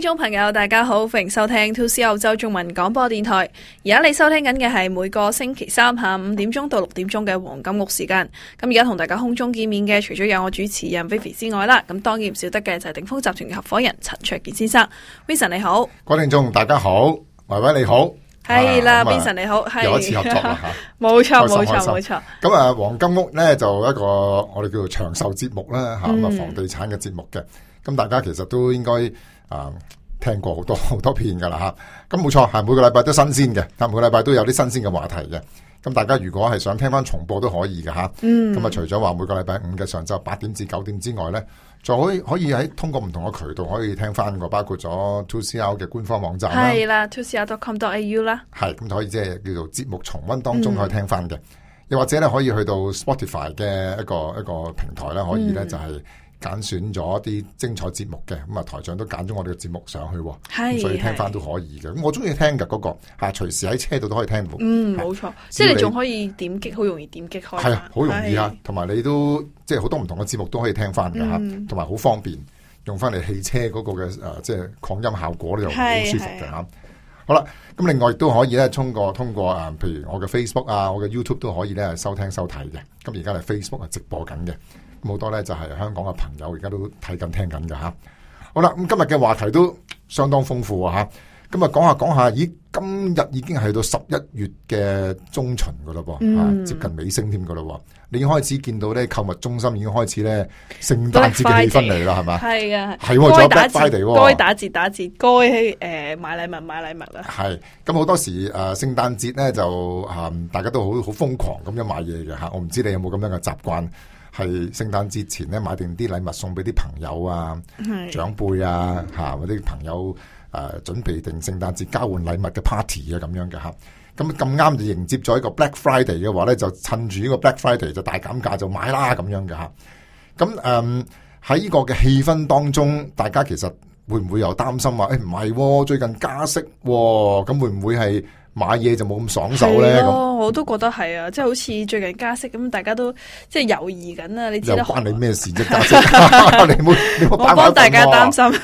聽眾朋友，大家好，歡迎收聽 2CR 澳洲中文廣播電台。而家你收聽緊嘅係每個星期三下午五點鐘到六點鐘嘅黃金屋時間。咁而家同大家空中見面嘅，除咗有我主持人 Vivi 之外啦，咁當然唔少得嘅就係鼎豐集團嘅合夥人陳焯楗先生。Vincent 你好，各位聽眾，大家好，維維你好，係啦了、啊、Vincent 你好，又一次合作啦吓，冇錯冇錯冇錯。咁啊，黃金屋咧就一個我哋叫做長壽節目啦吓，咁啊房地產嘅節目嘅。咁、嗯、大家其實都應該。啊、嗯，聽過好多好多遍噶啦吓，咁冇錯，每個禮拜都新鮮嘅，但每個禮拜都有啲新鮮嘅話題嘅。咁大家如果係想聽翻重播都可以嘅吓，咁啊、嗯、除咗話每個禮拜五嘅上晝八點至九點之外咧，就可以可以喺通過唔同嘅渠道可以聽翻嘅，包括咗 2CR 嘅官方網站啦，係啦，2CR.com.au 啦，係咁可以即係叫做節目重溫當中可以聽翻嘅，嗯、又或者咧可以去到 Spotify 嘅一個一個平台咧，可以咧就係、是。嗯揀選咗啲精彩節目嘅，咁啊台長都揀咗我哋嘅節目上去，咁是所以聽翻都可以嘅。咁是我中意聽㗎嗰、嗰個嚇、啊，隨時喺車度都可以聽。嗯，冇是錯，即係你仲可以點擊，好容易點擊開。係啊，好容易啊，同埋是你都即係好多唔同嘅節目都可以聽翻嘅嚇，同埋好方便用翻嚟汽車嗰個嘅誒，即、呃、係、就是、擴音效果咧就好舒服嘅嚇。好啦，咁另外亦都可以咧，通過通過啊，譬如我嘅 Facebook 啊，我嘅 YouTube 都可以咧收聽收睇嘅。咁而家係 Facebook 係直播緊嘅。好多咧，就係香港嘅朋友而家都睇緊聽緊嘅吓。好啦，咁今日嘅話題都相當豐富啊！吓，今日，講下講下，咦，今日已經係到十一月嘅中旬噶咯噃，嗯、接近尾聲添噶咯。你已經開始見到咧，購物中心已經開始咧，聖誕節嘅氣氛嚟啦，係嘛的？係啊的，係喎乖，仲有 Black Friday 喎，該打折打折，該誒買禮物買禮物啦。係，咁好多時誒，聖誕節咧就啊，大家都好好瘋狂咁樣買嘢嘅吓。我唔知你有冇咁樣嘅習慣。係聖誕節前咧買定啲禮物送俾啲朋友啊、是長輩啊、吓或者朋友誒、呃，準備定聖誕節交換禮物嘅 party 啊，咁樣嘅吓。咁咁啱就迎接咗一個 Black Friday 嘅話咧，就趁住呢個 Black Friday 就大減價就買啦，咁樣嘅吓。咁誒喺呢個嘅氣氛當中，大家其實會唔會又擔心話，誒、欸，唔係喎，最近加息喎，咁會唔會係？買嘢就冇咁爽手咧，我都覺得係啊，即係好似最近加息咁，大家都即係猶豫緊啊。你又關你咩事啫？加息關你冇你冇。我幫大家擔心，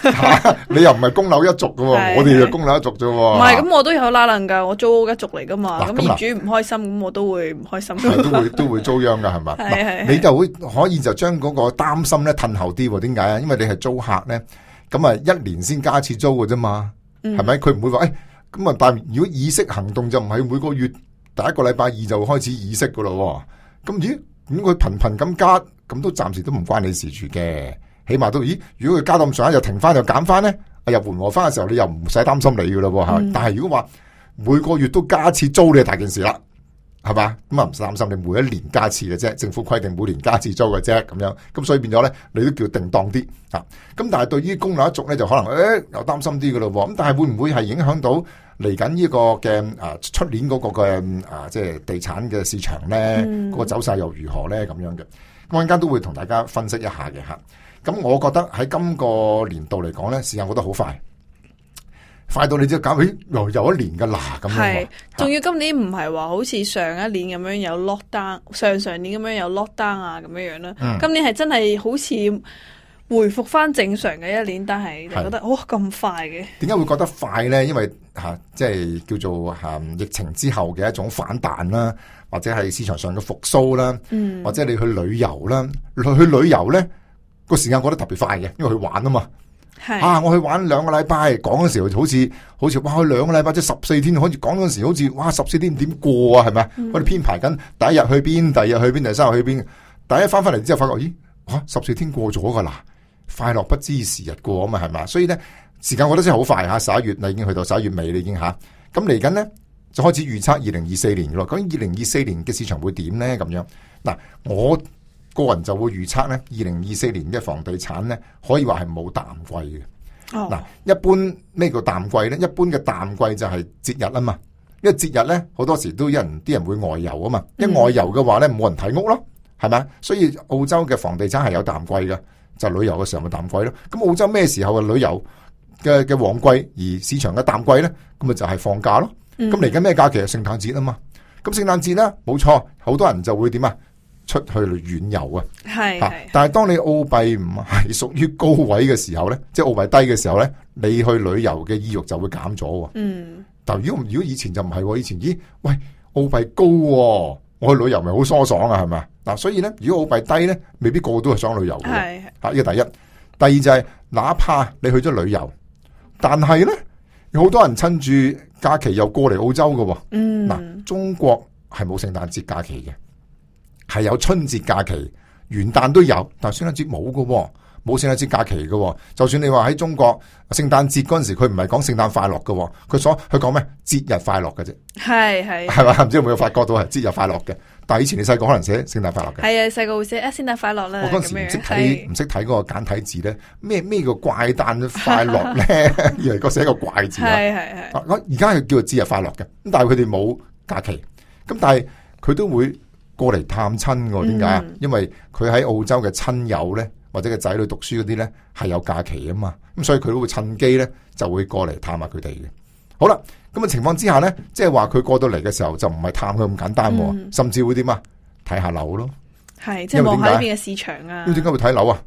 你又唔係供樓一族噶？我哋係供樓一族啫。唔係咁，我都有拉楞噶，我租屋一族嚟噶嘛。咁業主唔開心，咁我都會唔開心。都會都會遭殃噶，係嘛？你就會可以就將嗰個擔心咧褪後啲。點解？因為你係租客咧，咁啊一年先加次租噶啫嘛。係咪？佢唔會話誒。咁啊，但如果議息行動就唔係每個月第一個禮拜二就會開始議息噶咯喎。咁咦，咁佢頻頻咁加，咁都暫時都唔關你的事住嘅。起碼都咦，如果佢加到咁上下又停翻，又減翻咧，又緩和翻嘅時候，你又唔使擔心你噶啦喎嚇。但係如果話每個月都加次租，你大件事啦，係嘛？咁啊唔使擔心你每一年加一次嘅啫，政府規定每年加次租嘅啫，咁樣。咁所以變咗咧，你都叫定當啲嚇。咁、啊、但係對於供樓一族咧，就可能誒又、欸、擔心啲噶咯喎。咁但係會唔會係影響到？嚟緊呢個嘅啊出年嗰個嘅啊即係地產嘅市場咧，個走勢又如何咧？咁樣嘅，我陣間都會同大家分析一下嘅吓。咁我覺得喺今個年度嚟講咧，時間過得好快，快到你只搞起咦又又一年噶啦咁。係是，仲說要今年唔係話好似上一年咁樣有 lockdown，上上年咁樣有 lockdown 啊咁樣樣啦。嗯、今年係真係好似。回復翻正常嘅一年，但係你覺得是哇咁快嘅，點解會覺得快咧？因為吓即係叫做吓、啊、疫情之後嘅一種反彈啦，或者係市場上嘅復蘇啦，嗯，或者你去旅遊啦，去去旅遊咧個時間過得特別快嘅，因為去玩啊嘛，係是啊，我去玩兩個禮拜，講嗰時候好似好似哇，去兩個禮拜即係十四天，開始講嗰時候好似哇，十四天點過啊？係咪、嗯、我哋編排緊第一日去邊，第二日去邊，第三日去邊，第一翻翻嚟之後發覺，咦吓，十、啊、四天過咗噶啦！快樂不知時日過啊嘛，係嘛？所以咧，時間我覺得真係好快吓，十一月你已經去到十一月尾啦，你已經吓。咁嚟緊咧就開始預測二零二四年咯。咁二零二四年嘅市場會點咧？咁樣嗱，我個人就會預測咧，二零二四年嘅房地產咧，可以話係冇淡季嘅。嗱、oh.，一般咩叫淡季咧？一般嘅淡季就係節日啊嘛。因為節日咧，好多時都有人啲人會外遊啊嘛。一外遊嘅話咧，冇人睇屋咯，係咪？所以澳洲嘅房地產係有淡季嘅。就旅遊嘅時候咪淡季咯，咁澳洲咩時候嘅旅遊嘅嘅旺季，而市場嘅淡季咧，咁咪就係放假咯。咁嚟緊咩假期啊？聖誕節啊嘛。咁聖誕節咧，冇錯，好多人就會點啊，出去遠遊啊。啊但係當你澳幣唔係屬於高位嘅時候咧，即係澳幣低嘅時候咧，你去旅遊嘅意欲就會減咗。嗯。但如果如果以前就唔係啊，以前咦，喂，澳幣高啊，我去旅遊咪好舒爽啊，係咪？嗱，所以咧，如果澳幣低咧，未必個個都係想旅遊嘅。係係，吓，呢個第一。第二就係，哪怕你去咗旅遊，但係咧，有好多人趁住假期又過嚟澳洲嘅。嗯，嗱，中國係冇聖誕節假期嘅，係有春節假期、元旦都有，但係聖誕節冇嘅。冇聖誕節假期嘅，就算你話喺中國聖誕節嗰陣時，佢唔係講聖誕快樂嘅，佢所佢講咩節日快樂㗎啫。係係係嘛，唔知有冇發覺到係節日快樂嘅？但係以前你細個可能寫聖誕快樂嘅。係啊，細個會寫聖誕快樂啦。我嗰陣時唔識睇唔識睇個簡體字咧，咩咩叫怪誕快樂咧，以為個寫個怪字係！係係係。而家係叫做節日快樂嘅，咁但係佢哋冇假期，咁但係佢都會過嚟探親。點解啊？為嗯、因為佢喺澳洲嘅親友咧。或者個仔女讀書嗰啲咧係有假期啊嘛，咁所以佢都會趁機咧就會過嚟探下佢哋嘅。好啦，咁嘅情況之下咧，即係話佢過到嚟嘅時候就唔係探佢咁簡單，嗯、甚至會點啊睇下樓咯，係即係望下呢邊嘅市場啊。咁點解會睇樓啊？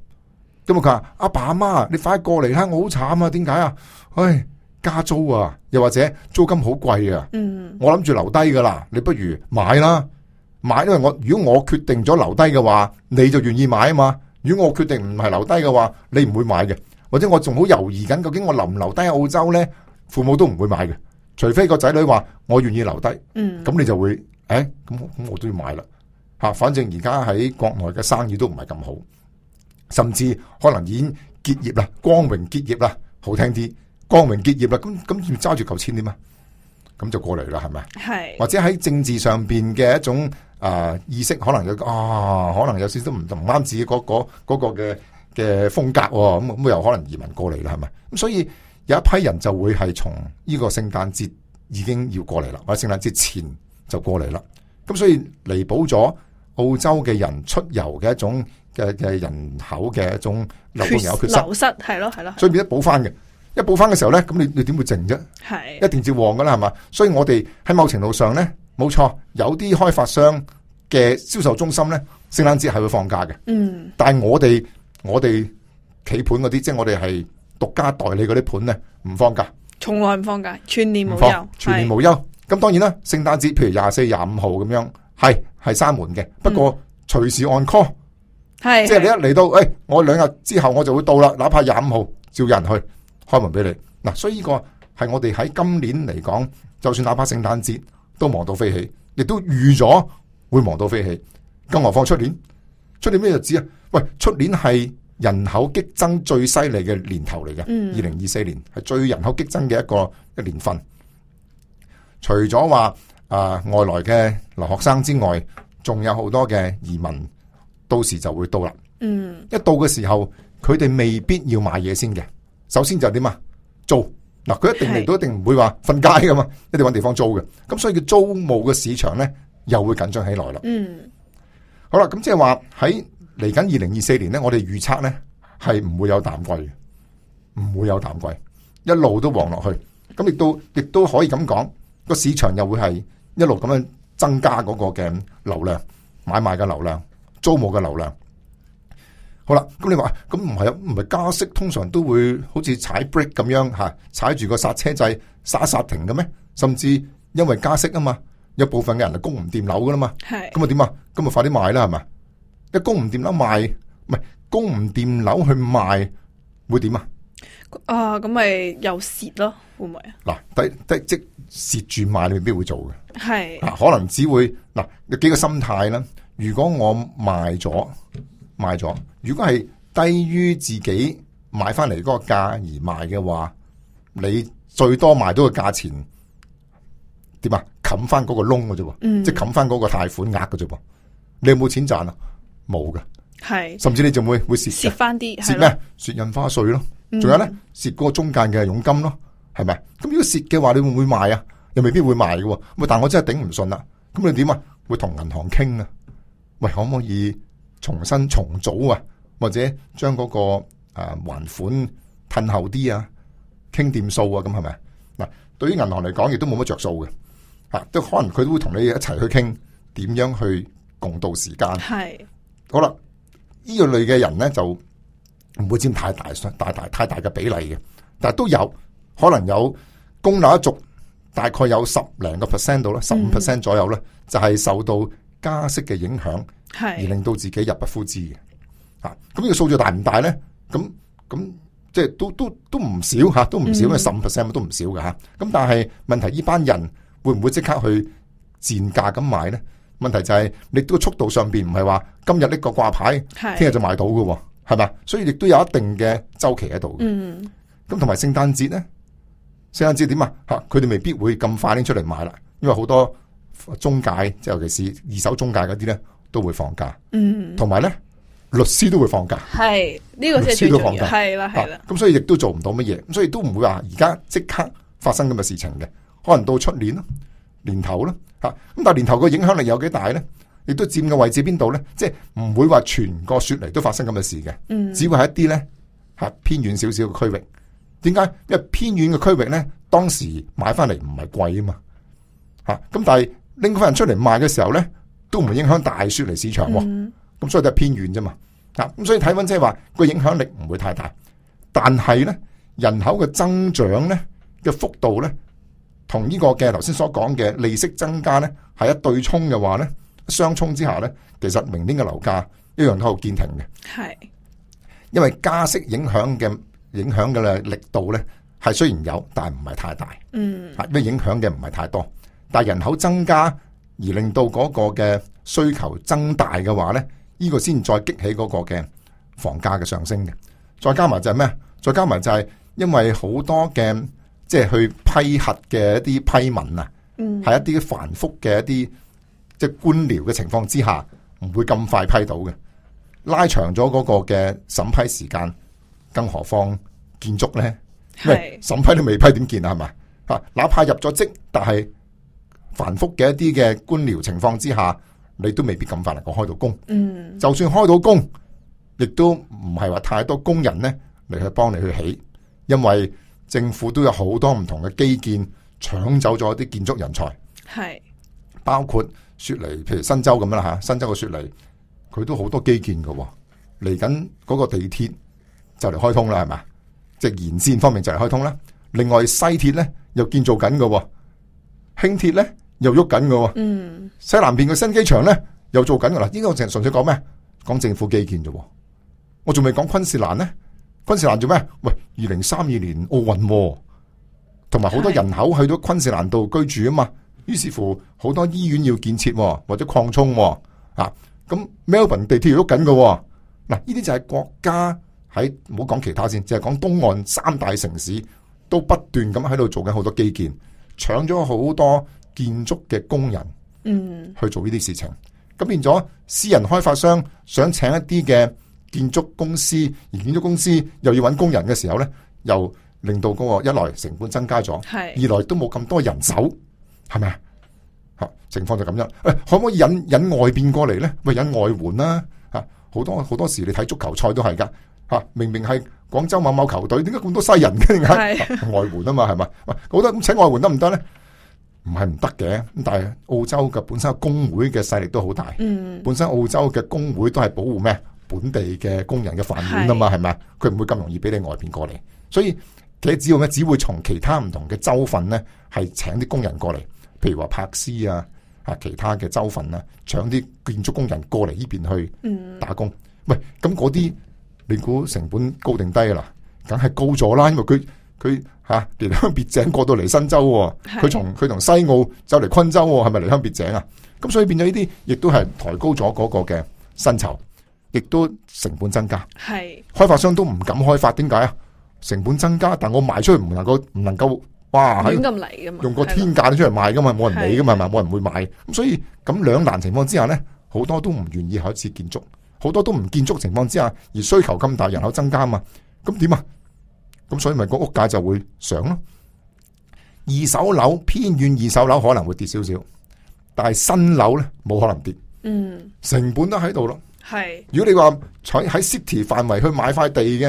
咁啊佢話阿爸阿媽，你快過嚟睇，我好慘啊，點解啊？唉，加租啊，又或者租金好貴啊。嗯、我諗住留低噶啦，你不如買啦，買因為我如果我決定咗留低嘅話，你就願意買啊嘛。如果我決定唔係留低嘅話，你唔會買嘅；或者我仲好猶豫緊，究竟我留唔留低澳洲咧？父母都唔會買嘅，除非個仔女話我願意留低，咁、嗯、你就會誒，咁、欸、咁我都要買啦。吓，反正而家喺國內嘅生意都唔係咁好，甚至可能已經結業啦，光榮結業啦，好聽啲，光榮結業啦。咁咁要揸住舊錢點啊？咁就過嚟啦，係咪？係是 或者喺政治上邊嘅一種。啊！意識可能有啊，可能有少少唔同唔啱自己嗰個嗰個嘅嘅風格，咁咁又可能移民過嚟啦，係咪？咁所以有一批人就會係從呢個聖誕節已經要過嚟啦，或者聖誕節前就過嚟啦。咁所以彌補咗澳洲嘅人出遊嘅一種嘅嘅人口嘅一種流失，流失係咯係咯，所以變咗補翻嘅。一補翻嘅時候咧，咁你你點會靜啫？的係一定至旺噶啦，係嘛？所以我哋喺某程度上咧。冇錯，有啲開發商嘅銷售中心咧，聖誕節係會放假嘅。嗯，但係我哋我哋企盤嗰啲，即、就、係、是、我哋係獨家代理嗰啲盤咧，唔放假，從來唔放假，全年無休，放是全年無休。咁當然啦，聖誕節譬如廿四廿五號咁樣，係係閂門嘅。不過隨、嗯、時按 call，係即係你一嚟到，誒、哎，我兩日之後我就會到啦。哪怕廿五號叫人去開門俾你。嗱、啊，所以呢個係我哋喺今年嚟講，就算哪怕聖誕節。都忙到飛起，亦都預咗會忙到飛起，更何況出年出年，咩日子啊？喂，出年係人口激增最犀利嘅年頭嚟嘅，二零二四年係最人口激增嘅一個一年份。除咗話啊外來嘅留學生之外，仲有好多嘅移民到時就會到啦。嗯，一到嘅時候，佢哋未必要買嘢先嘅，首先就係點啊做？嗱，佢一定嚟到一定唔會話瞓街噶嘛，一定要揾地方租嘅，咁所以叫租務嘅市場咧又會緊張起來啦。嗯，好啦，咁即係話喺嚟緊二零二四年咧，我哋預測咧係唔會有淡季，唔會有淡季，一路都旺落去。咁亦都亦都可以咁講，個市場又會係一路咁樣增加嗰個嘅流量、買賣嘅流量、租務嘅流量。好啦，咁你話咁唔係啊？唔係加息通常都會好似踩 brake 咁樣吓，踩住個剎車掣剎剎停嘅咩？甚至因為加息啊嘛，有部分嘅人係供唔掂樓噶啦嘛，咁啊點啊？咁啊快啲賣啦係咪？一供唔掂樓賣，唔係供唔掂樓去賣會點啊？啊咁咪又蝕咯？會唔會啊？嗱，低低即蝕住賣你未必會做嘅，係是可能只會嗱有幾個心態啦。如果我賣咗。買咗，如果係低於自己買翻嚟嗰個價而賣嘅話，你最多賣到價個價錢點啊？冚翻嗰個窿嘅啫，即係冚翻嗰個貸款額嘅啫。你有冇錢賺啊？冇㗎，係是甚至你就會會蝕蝕翻啲，蝕咩？蝕的印花稅咯，仲、嗯、有咧，蝕個中間嘅佣金咯，係咪？咁如果蝕嘅話，你會唔會賣啊？又未必會賣嘅，咪但係我真係頂唔順啦。咁你點啊？會同銀行傾啊？喂，可唔可以？重新重組啊，或者將嗰、那個誒、啊、還款褪後啲啊，傾掂數啊，咁係咪？嗱、啊，對於銀行嚟講，亦都冇乜着數嘅吓，都可能佢都會同你一齊去傾點樣去共度時間。係是好啦，這個、呢一類嘅人咧就唔會佔太大、大大太大嘅比例嘅，但係都有可能有供樓一族，大概有十零個 percent 到啦，十五 percent 左右咧、嗯，就係、是、受到加息嘅影響。係是而令到自己入不敷支嘅啊，咁呢個數字大唔大咧？咁咁即係都都都唔少吓，都唔少咩，十五 percent 都唔少嘅吓。咁、嗯啊、但係問題呢班人會唔會即刻去賤價咁買咧？問題就係、是、你個速度上邊唔係話今日呢個掛牌，係聽日就買到嘅，係嘛？所以亦都有一定嘅周期喺度。嗯，咁同埋聖誕節咧，聖誕節點啊？吓，佢哋、啊、未必會咁快拎出嚟買啦，因為好多中介即係尤其是二手中介嗰啲咧。都會放假，嗯，同埋咧，律師都會放假，係呢、這個先係放假。係啦，係啦，咁、啊、所以亦都做唔到乜嘢，咁所以都唔會話而家即刻發生咁嘅事情嘅，可能到出年咯，年頭啦，吓、啊、咁但係年頭個影響力有幾大咧？亦都佔嘅位置邊度咧？即係唔會話全個雪梨都發生咁嘅事嘅，嗯，只會係一啲咧吓偏遠少少嘅區域，點解？因為偏遠嘅區域咧，當時買翻嚟唔係貴啊嘛，吓、啊、咁但係拎返人出嚟賣嘅時候咧。都唔會影響大雪嚟市場，咁、嗯哦、所以都係偏遠啫嘛。嗱、啊，咁所以睇翻即係話個影響力唔會太大，但係咧，人口嘅增長咧嘅幅度咧，同呢個嘅頭先所講嘅利息增加咧係一對沖嘅話咧，相沖之下咧，其實明年嘅樓價一樣都好堅挺嘅。係，是 因為加息影響嘅影響嘅力度咧係雖然有，但係唔係太大。嗯，係咩影響嘅唔係太多，但係人口增加。而令到嗰個嘅需求增大嘅話咧，呢、呢個先再激起嗰個嘅房價嘅上升嘅。再加埋就係咩？再加埋就係因為好多嘅即係去批核嘅一啲批文啊，係一啲繁複嘅一啲即係官僚嘅情況之下，唔會咁快批到嘅，拉長咗嗰個嘅審批時間。更何況建築咧，係審批都未批，點建啊？係嘛吓，哪怕入咗職，但係。繁複嘅一啲嘅官僚情況之下，你都未必咁快能夠開到工。嗯，就算開到工，亦都唔係話太多工人咧嚟去幫你去起，因為政府都有好多唔同嘅基建搶走咗一啲建築人才。係是，包括雪梨，譬如新州咁樣啦吓，新州嘅雪梨佢都好多基建嘅，嚟緊嗰個地鐵就嚟開通啦，係嘛？即係沿線方面就嚟開通啦。另外西鐵咧又建造緊嘅。輕鐵咧又喐緊嘅，嗯、西南邊嘅新機場咧又做緊嘅。嗱，應該我淨係純粹講咩？講政府基建啫。我仲未講昆士蘭咧，昆士蘭做咩？喂，二零三二年奧運，啊，同埋好多人口去到昆士蘭度居住啊嘛。於是，是乎，好多醫院要建設、啊、或者擴充啊。咁、啊、Melbourne 地鐵要喐緊嘅。嗱、啊，呢啲就係國家喺唔好講其他先，就係、是、講東岸三大城市都不斷咁喺度做緊好多基建。.搶咗好多建築嘅工人，嗯，去做呢啲事情，咁、嗯、變咗私人開發商想請一啲嘅建築公司，而建築公司又要揾工人嘅時候呢，又令到嗰個一來成本增加咗，係二來都冇咁多人手，係咪啊？吓情況就咁樣可可，喂，可唔可以引引外邊過嚟呢？咪引外援啦、啊，吓好多好多時你睇足球賽都係噶，吓明明係。廣州某某球隊點解咁多西人嘅是 外援啊嘛係咪？喂，我覺得咁請外援得唔得咧？唔係唔得嘅。咁但係澳洲嘅本身工會嘅勢力都好大，嗯、本身澳洲嘅工會都係保護咩本地嘅工人嘅飯碗啊嘛係咪？佢唔是 會咁容易俾你外邊過嚟，所以佢只要咧只會從其他唔同嘅州份咧，係請啲工人過嚟，譬如話柏斯啊啊其他嘅州份啊，搶啲建築工人過嚟呢邊去打工。嗯、喂，咁嗰啲。你估成本高定低噶啦，梗係高咗啦，因為佢佢吓離鄉別井過到嚟新是的 州，佢從佢從西澳走嚟昆州，係咪離鄉別井啊？咁所以變咗呢啲，亦都係抬高咗嗰個嘅薪酬，亦都成本增加。係是的 開發商都唔敢開發，點解啊？成本增加，但我賣出去唔能夠，唔能夠，哇，亂咁嚟噶嘛？用個天價出嚟賣噶嘛，冇人理噶嘛，係咪？冇人會買，咁所以咁兩難情況之下咧，好多都唔願意開始建築。好多都唔建築，情況之下，而需求咁大，人口增加嘛，咁點啊？咁所以咪個屋價就會上咯。二手樓偏遠二手樓可能會跌少少，但係新樓呢冇可能跌。嗯，成本都喺度咯。係是，如果你話喺喺 city 範圍去買塊地嘅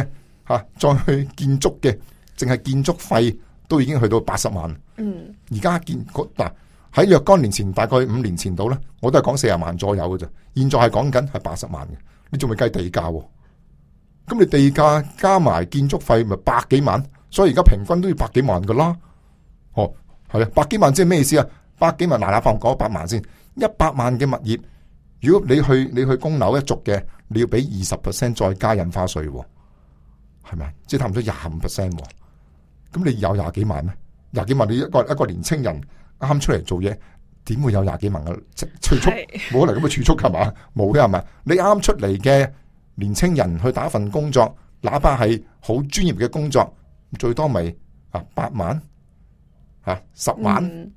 吓、啊，再去建築嘅，淨係建築費都已經去到八十萬。嗯，而家建嗰、啊喺若干年前，大概五年前度咧，我都係講四十萬左右嘅啫。現在係講緊係八十萬嘅，你仲未計地價喎？咁你地價加埋建築費，咪百幾萬？所以而家平均都要百幾萬噶啦。哦，係啊，百幾萬即係咩意思啊？百幾萬，拿下放講一百萬先，一百萬嘅物業，如果你去你去供樓一族嘅，你要俾二十 percent 再加印花稅喎，係咪？即係差唔多廿五 percent。咁你有廿幾萬咩？廿幾萬你一個一個年青人。啱出嚟做嘢，點會有廿幾萬嘅儲蓄？冇是可能咁嘅儲蓄係嘛？冇嘅係咪？你啱出嚟嘅年青人去打份工作，哪怕係好專業嘅工作，最多咪啊八萬，吓、啊、十萬、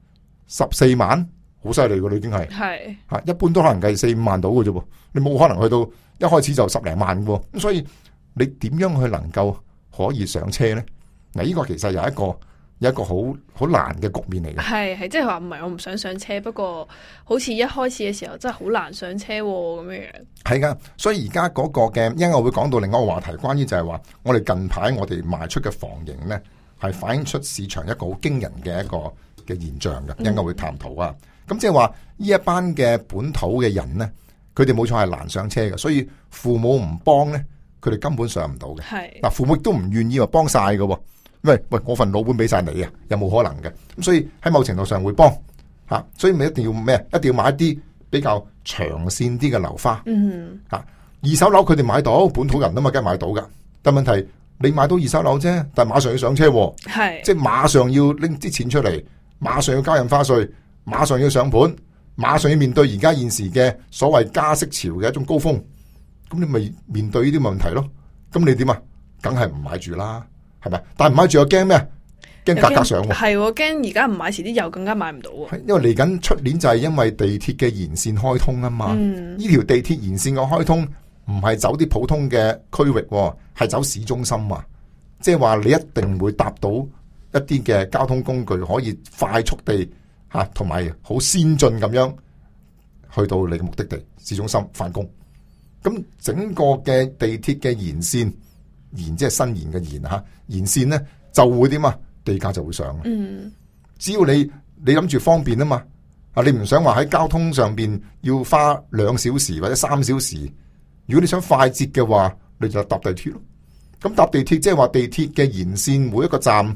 十四、嗯、萬，好犀利噶啦，已經係係吓一般都可能計四五萬到㗎啫喎，你冇可能去到一開始就十零萬喎。咁所以你點樣去能夠可以上車咧？嗱、啊，呢、這個其實有一個。有一個好好難嘅局面嚟嘅，係係即係話唔係我唔想上車，不過好似一開始嘅時候真係好難上車咁、啊、樣樣。係噶，所以而家嗰個嘅，因為我會講到另外一個話題關於，關於就係話我哋近排我哋賣出嘅房型咧，係反映出市場一個好驚人嘅一個嘅現象嘅，因為我會探討啊。咁即係話呢一班嘅本土嘅人咧，佢哋冇錯係難上車嘅，所以父母唔幫咧，佢哋根本上唔到嘅。係嗱是、啊，父母亦都唔願意話幫晒噶。唔喂，我份老本俾晒你啊，有冇可能嘅。咁所以喺某程度上會幫吓，所以咪一定要咩？一定要買啲比較長線啲嘅樓花。嗯哼，二手樓佢哋買到，本土人都咪梗係買到噶。但問題你買到二手樓啫，但係馬上要上車，係是即係馬上要拎啲錢出嚟，馬上要交印花稅，馬上要上盤，馬上要面對而家現時嘅所謂加息潮嘅一種高峰。咁你咪面對呢啲問題咯。咁你點啊？梗係唔買住啦。係咪？但係唔買住又驚咩？驚價格，格上係驚而家唔買，遲啲又更加買唔到。因為嚟緊出年就係因為地鐵嘅沿綫開通啊嘛。呢條地鐵沿綫嘅開通唔係走啲普通嘅區域，係走市中心啊。即係話你一定會搭到一啲嘅交通工具，可以快速地吓同埋好先進咁樣去到你嘅目的地市中心翻工。咁整個嘅地鐵嘅沿綫。延即係新延嘅延哈，延線咧就會點啊？地價就會上。只要你你諗住方便啊嘛，啊你唔想話喺交通上邊要花兩小時或者三小時，如果你想快捷嘅話，你就搭地鐵咯。咁搭地鐵即係話地鐵嘅延線，每一個站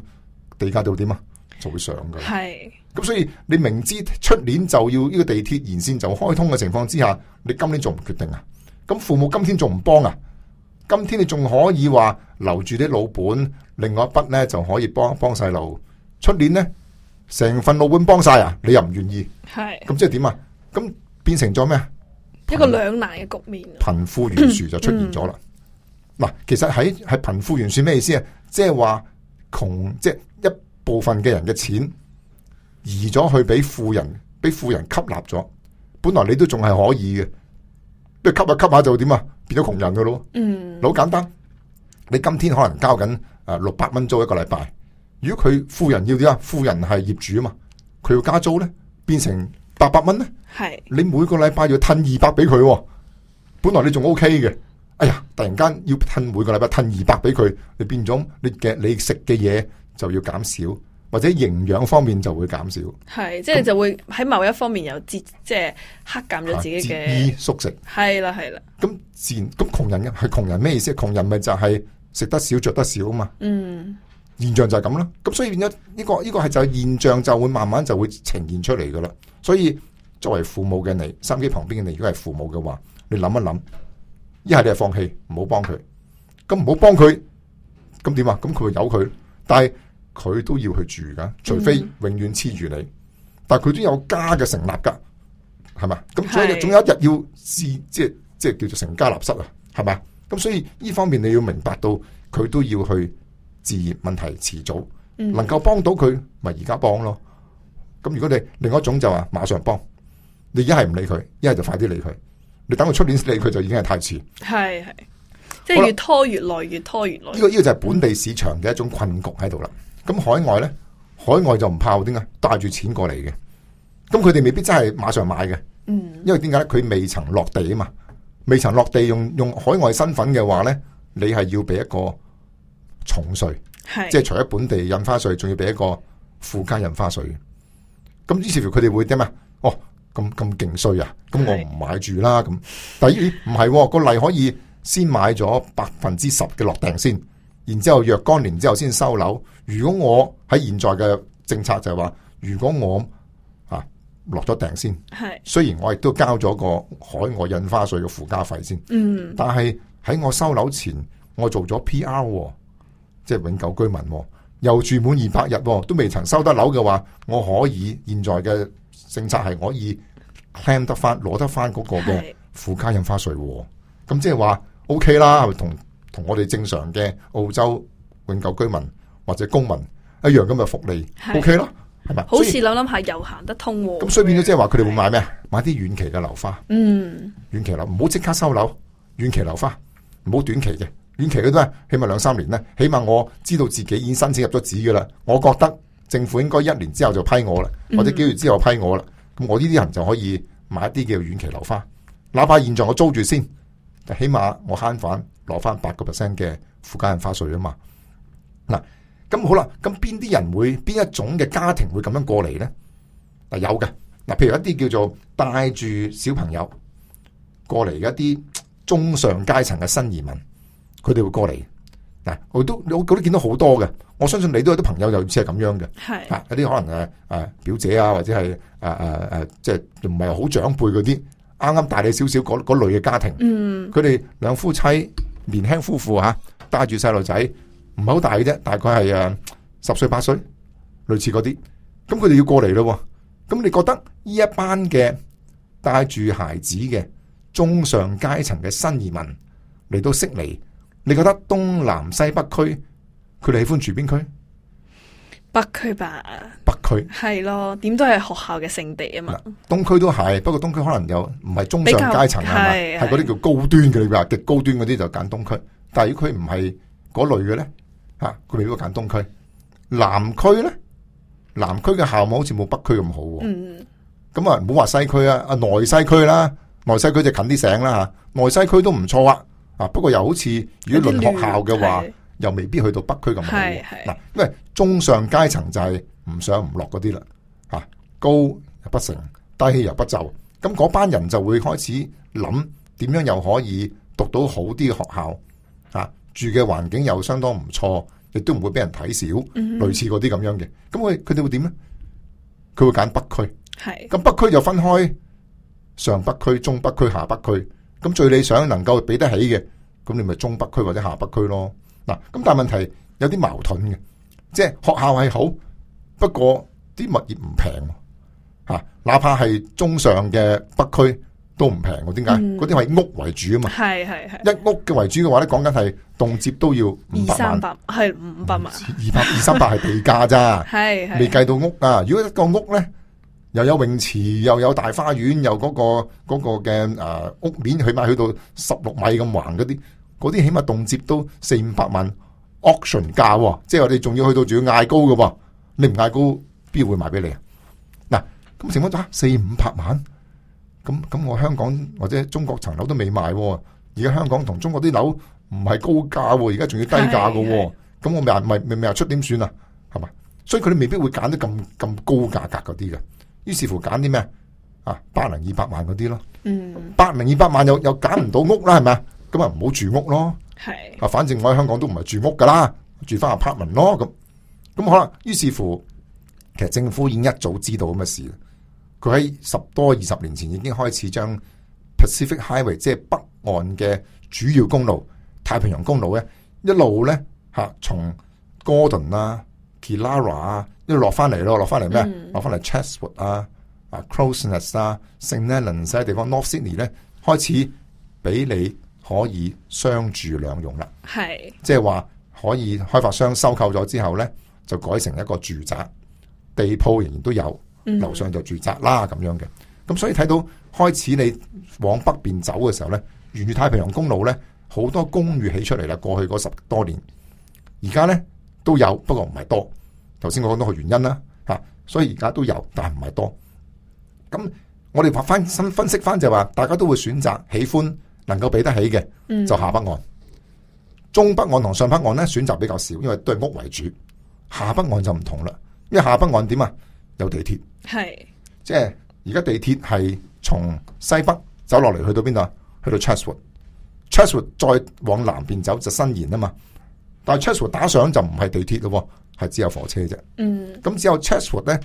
地價到底點啊？就會上噶。係。咁所以你明知出年就要呢個地鐵延線就開通嘅情況之下，你今年仲唔決定啊？咁父母今天仲唔幫啊？今天你仲可以話留住啲老本，另外一筆咧就可以幫幫細路。出年咧成份老本幫晒啊，你又唔願意？係咁是即係點啊？咁變成咗咩？一個兩難嘅局面。貧富懸殊就出現咗啦。嗱， 嗯、其實喺係貧富懸殊咩意思啊？即係話窮，即係一部分嘅人嘅錢移咗去俾富人，俾富人吸納咗。本來你都仲係可以嘅，都吸下吸下就點啊？變咗窮人噶咯，嗯，好簡單。你今天可能交緊誒六百蚊租一個禮拜，如果佢富人要點啊？富人係業主啊嘛，佢要加租咧，變成八百蚊咧。係是你每個禮拜要褪二百俾佢，本來你仲 O K 嘅，哎呀，突然間要褪每個禮拜褪二百俾佢，你變咗你嘅你食嘅嘢就要減少。或者營養方面就會減少，係即係就會喺某一方面有節，即係克減咗自己嘅衣縮食，係啦係啦。咁自然咁窮人嘅係窮人咩意思？窮人咪就係食得少、着得少啊嘛。嗯，現象就係咁啦。咁所以變咗呢、這個呢、這個係就現象就會慢慢就會呈現出嚟噶啦。所以作為父母嘅你，心機旁邊嘅你，如果係父母嘅話，你諗一諗，一係就放棄，唔好幫佢，咁唔好幫佢，咁點啊？咁佢會由佢？但係。佢都要去住噶，除非永遠黐住你，嗯、但係佢都有家嘅成立噶，係嘛？咁所以總有一日要自是即係即係叫做成家立室啊，係嘛？咁所以呢方面你要明白到，佢都要去置業問題遲早、嗯、能夠幫到佢，咪而家幫咯。咁如果你另一種就話馬上幫，你一係唔理佢，一係就快啲理佢，你等佢出年理佢就已經係太遲。係係，即係了越拖越耐，越拖越耐。呢、這個呢、這個就係本地市場嘅一種困局喺度啦。咁海外咧，海外就唔怕點解？帶住錢過嚟嘅，咁佢哋未必真係馬上買嘅。嗯，因為點解咧？佢未曾落地啊嘛，未曾落地用用海外身份嘅話咧，你係要俾一個重稅，係是即係除咗本地印花稅，仲要俾一個附加印花稅。咁於是乎，佢哋會點啊？哦，咁咁勁衰啊！咁我唔買住啦。咁是第二咦，唔係個例，可以先買咗百分之十嘅落定先。然之後若干年之後先收樓，如果我喺現在嘅政策就係話，如果我吓落咗訂先，是雖然我亦都交咗個海外印花稅嘅附加費先，嗯，但係喺我收樓前，我做咗 P.R.、哦、即係永久居民、哦，又住滿二百日，都未曾收得樓嘅話，我可以現在嘅政策係可以 claim 得翻攞得翻嗰個嘅附加印花稅、哦，咁即係話 O.K. 啦，同。同我哋正常嘅澳洲永久居民或者公民一樣咁嘅福利，O K 咯，係咪的？OK、了好似諗諗下又行得通咁、啊，所以變咗即係話佢哋會買咩啊？的買啲、嗯、遠期嘅樓花，嗯，遠期樓唔好即刻收樓，遠期樓花唔好短期嘅，遠期嘅都係啊，起碼兩三年咧，起碼我知道自己已經申請入咗紙噶啦。我覺得政府應該一年之後就批我啦，或者幾個月之後批我啦。咁、嗯、我呢啲人就可以買一啲叫遠期樓花，哪怕現在我租住先，起碼我慳返。攞翻八個 percent 嘅附加印花稅啊嘛。嗱，咁好啦，咁邊啲人會邊一種嘅家庭會咁樣過嚟咧？嗱、啊，有嘅嗱、啊，譬如一啲叫做帶住小朋友過嚟嘅一啲中上階層嘅新移民，佢哋會過嚟嗱、啊，我都我都見到好多嘅，我相信你都有啲朋友就似係咁樣嘅，係嗱是，有啲可能誒誒表姐啊，或者係誒誒誒，即係唔係好長輩嗰啲啱啱大你少少嗰類嘅家庭，嗯，佢哋兩夫妻。年輕夫婦吓，帶住細路仔，唔係好大嘅啫，大概係誒十歲八歲，類似嗰啲，咁佢哋要過嚟咯，咁你覺得呢一班嘅帶住孩子嘅中上階層嘅新移民嚟到悉尼，你覺得東南西北區，佢哋喜歡住邊區？北區吧，北區區係咯，點都係學校嘅勝地啊嘛。東區都係，不過東區可能有唔係中上階層啊嘛，係嗰啲叫高端嘅，你話極高端嗰啲就揀東區，但係如果佢唔係嗰類嘅咧，吓、啊、佢未必揀東區。南區咧，南區嘅校網好似冇北區咁好。嗯，咁啊，唔好話西區啦，啊內西區啦，內西區就近啲醒啦吓，內西區都唔錯啊，不錯啊不過又好似如果論學校嘅話，又未必去到北區咁好。係嗱、啊，因中上階層就係唔上唔落嗰啲啦，高又不成，低又不就，咁嗰班人就會開始諗點樣又可以讀到好啲嘅學校，啊住嘅環境又相當唔錯，亦都唔會俾人睇少，嗯、哼類似嗰啲咁樣嘅，咁佢佢哋會點呢？佢會揀北區，係咁是北區就分開上北區、中北區、下北區，咁最理想能夠俾得起嘅，咁你咪中北區或者下北區咯，嗱咁但係問題有啲矛盾嘅。即係學校係好，不過啲物業唔平，吓哪怕係中上嘅北區都唔平嘅。點解？嗰啲係屋為主啊嘛。係係係。一屋嘅為主嘅話咧，講緊係動輒都要二百五百萬。唔止二百,二三百係五百萬。二百二三百係地價咋？係未計到屋啊！如果一個屋咧，又有泳池，又有大花園，有嗰、嗰個、嗰個嘅誒屋面，起碼去到十六米咁橫嗰啲，嗰啲起碼動輒都四五百萬。auction 價，即係我哋仲要去到仲要嗌高嘅，你唔嗌高，邊會賣俾你啊？嗱，咁情況咋？四五百萬，咁咁我香港或者中國層樓都未賣，而家香港同中國啲樓唔係高價，而家仲要低價嘅，咁是的、啊、我咪咪咪咪出點算啊？係嘛，所以佢哋未必會揀得咁咁高價格嗰啲嘅，於是乎揀啲咩啊？百零二百萬嗰啲咯，百零、嗯、二百萬又又揀唔到屋啦，係咪啊？咁啊唔好住屋咯。係，啊是，反正我喺香港都唔係住屋噶啦，住翻 apartment 咯，咁，咁可能，於是乎，其實政府已經一早知道咁嘅事了，佢喺十多二十年前已經開始將 Pacific Highway，即係北岸嘅主要公路，太平洋公路咧，一路咧，吓從 Gordon 啊、Killara 啊，一路落翻嚟咯，落翻嚟咩？落翻嚟、嗯、Chatswood 啊、啊 Crows Nest 啊，St Leonards 地方 North Sydney 咧，開始俾你。可以商住兩用啦是，係即係話可以開發商收購咗之後呢，就改成一個住宅地鋪，仍然都有，樓上就住宅啦咁樣嘅、嗯哼。咁所以睇到開始你往北邊走嘅時候呢，沿住太平洋公路呢，好多公寓起出嚟啦。過去嗰十多年，而家呢都有，不過唔係多。頭先我講到個原因啦，嚇，所以而家都有，但係唔係多。咁我哋話翻分分析翻就係話，大家都會選擇喜歡。能夠俾得起嘅就下北岸、中北岸同上北岸咧，選擇比較少，因為都係屋為主。下北岸就唔同啦，因為下北岸點啊？有地鐵，係是即係而家地鐵係從西北走落嚟，去到邊度啊？去到 Chatswood Chatswood 再往南邊走就新延啊嘛。但係 Chatswood 打上就唔係地鐵咯，係只有火車啫。嗯，咁只有 Chatswood 咧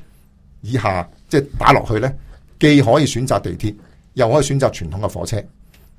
以下即係打落去咧，既可以選擇地鐵，又可以選擇傳統嘅火車。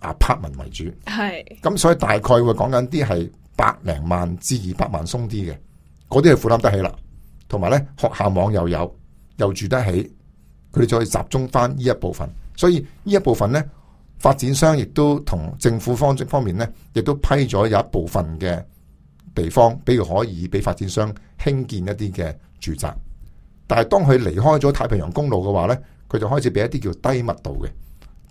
啊，Apartment 為主，係咁是，所以大概會講緊啲係百零萬至二百萬鬆啲嘅，嗰啲係負擔得起啦。同埋咧，學校網又有，又住得起，佢哋就可以集中翻呢一部分。所以呢一部分咧，發展商亦都同政府方即方面咧，亦都批咗有一部分嘅地方，比如可以俾發展商興建一啲嘅住宅。但係當佢離開咗太平洋公路嘅話咧，佢就開始俾一啲叫低密度嘅，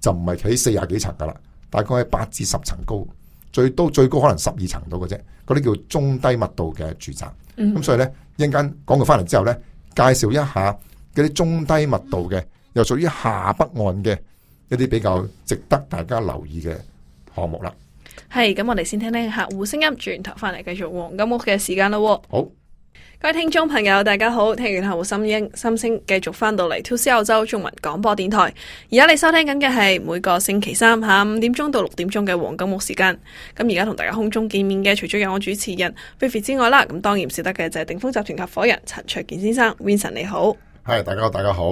就唔係起四廿幾層噶啦。大概係八至十層高，最多最高可能十二層到嘅啫，嗰啲叫中低密度嘅住宅。咁、mm hmm. 所以咧，一陣間講過翻嚟之後咧，介紹一下嗰啲中低密度嘅、mm hmm. 又屬於下北岸嘅一啲比較值得大家留意嘅項目啦。係，咁我哋先聽聽客戶聲音，轉頭翻嚟繼續黃金屋嘅時間啦。好。各位聽眾朋友，大家好，聽完後心英心星繼續翻到嚟 2CR 澳洲中文廣播電台，而家你收聽緊嘅係每個星期三下午五點鐘到六點鐘嘅黃金屋時間，咁而家同大家空中見面嘅除咗有我主持人菲菲 i 之外啦，咁當然唔少得嘅就係鼎豐集團合伙人陳焯楗先生 Vincent 你好，係大家好，大家好，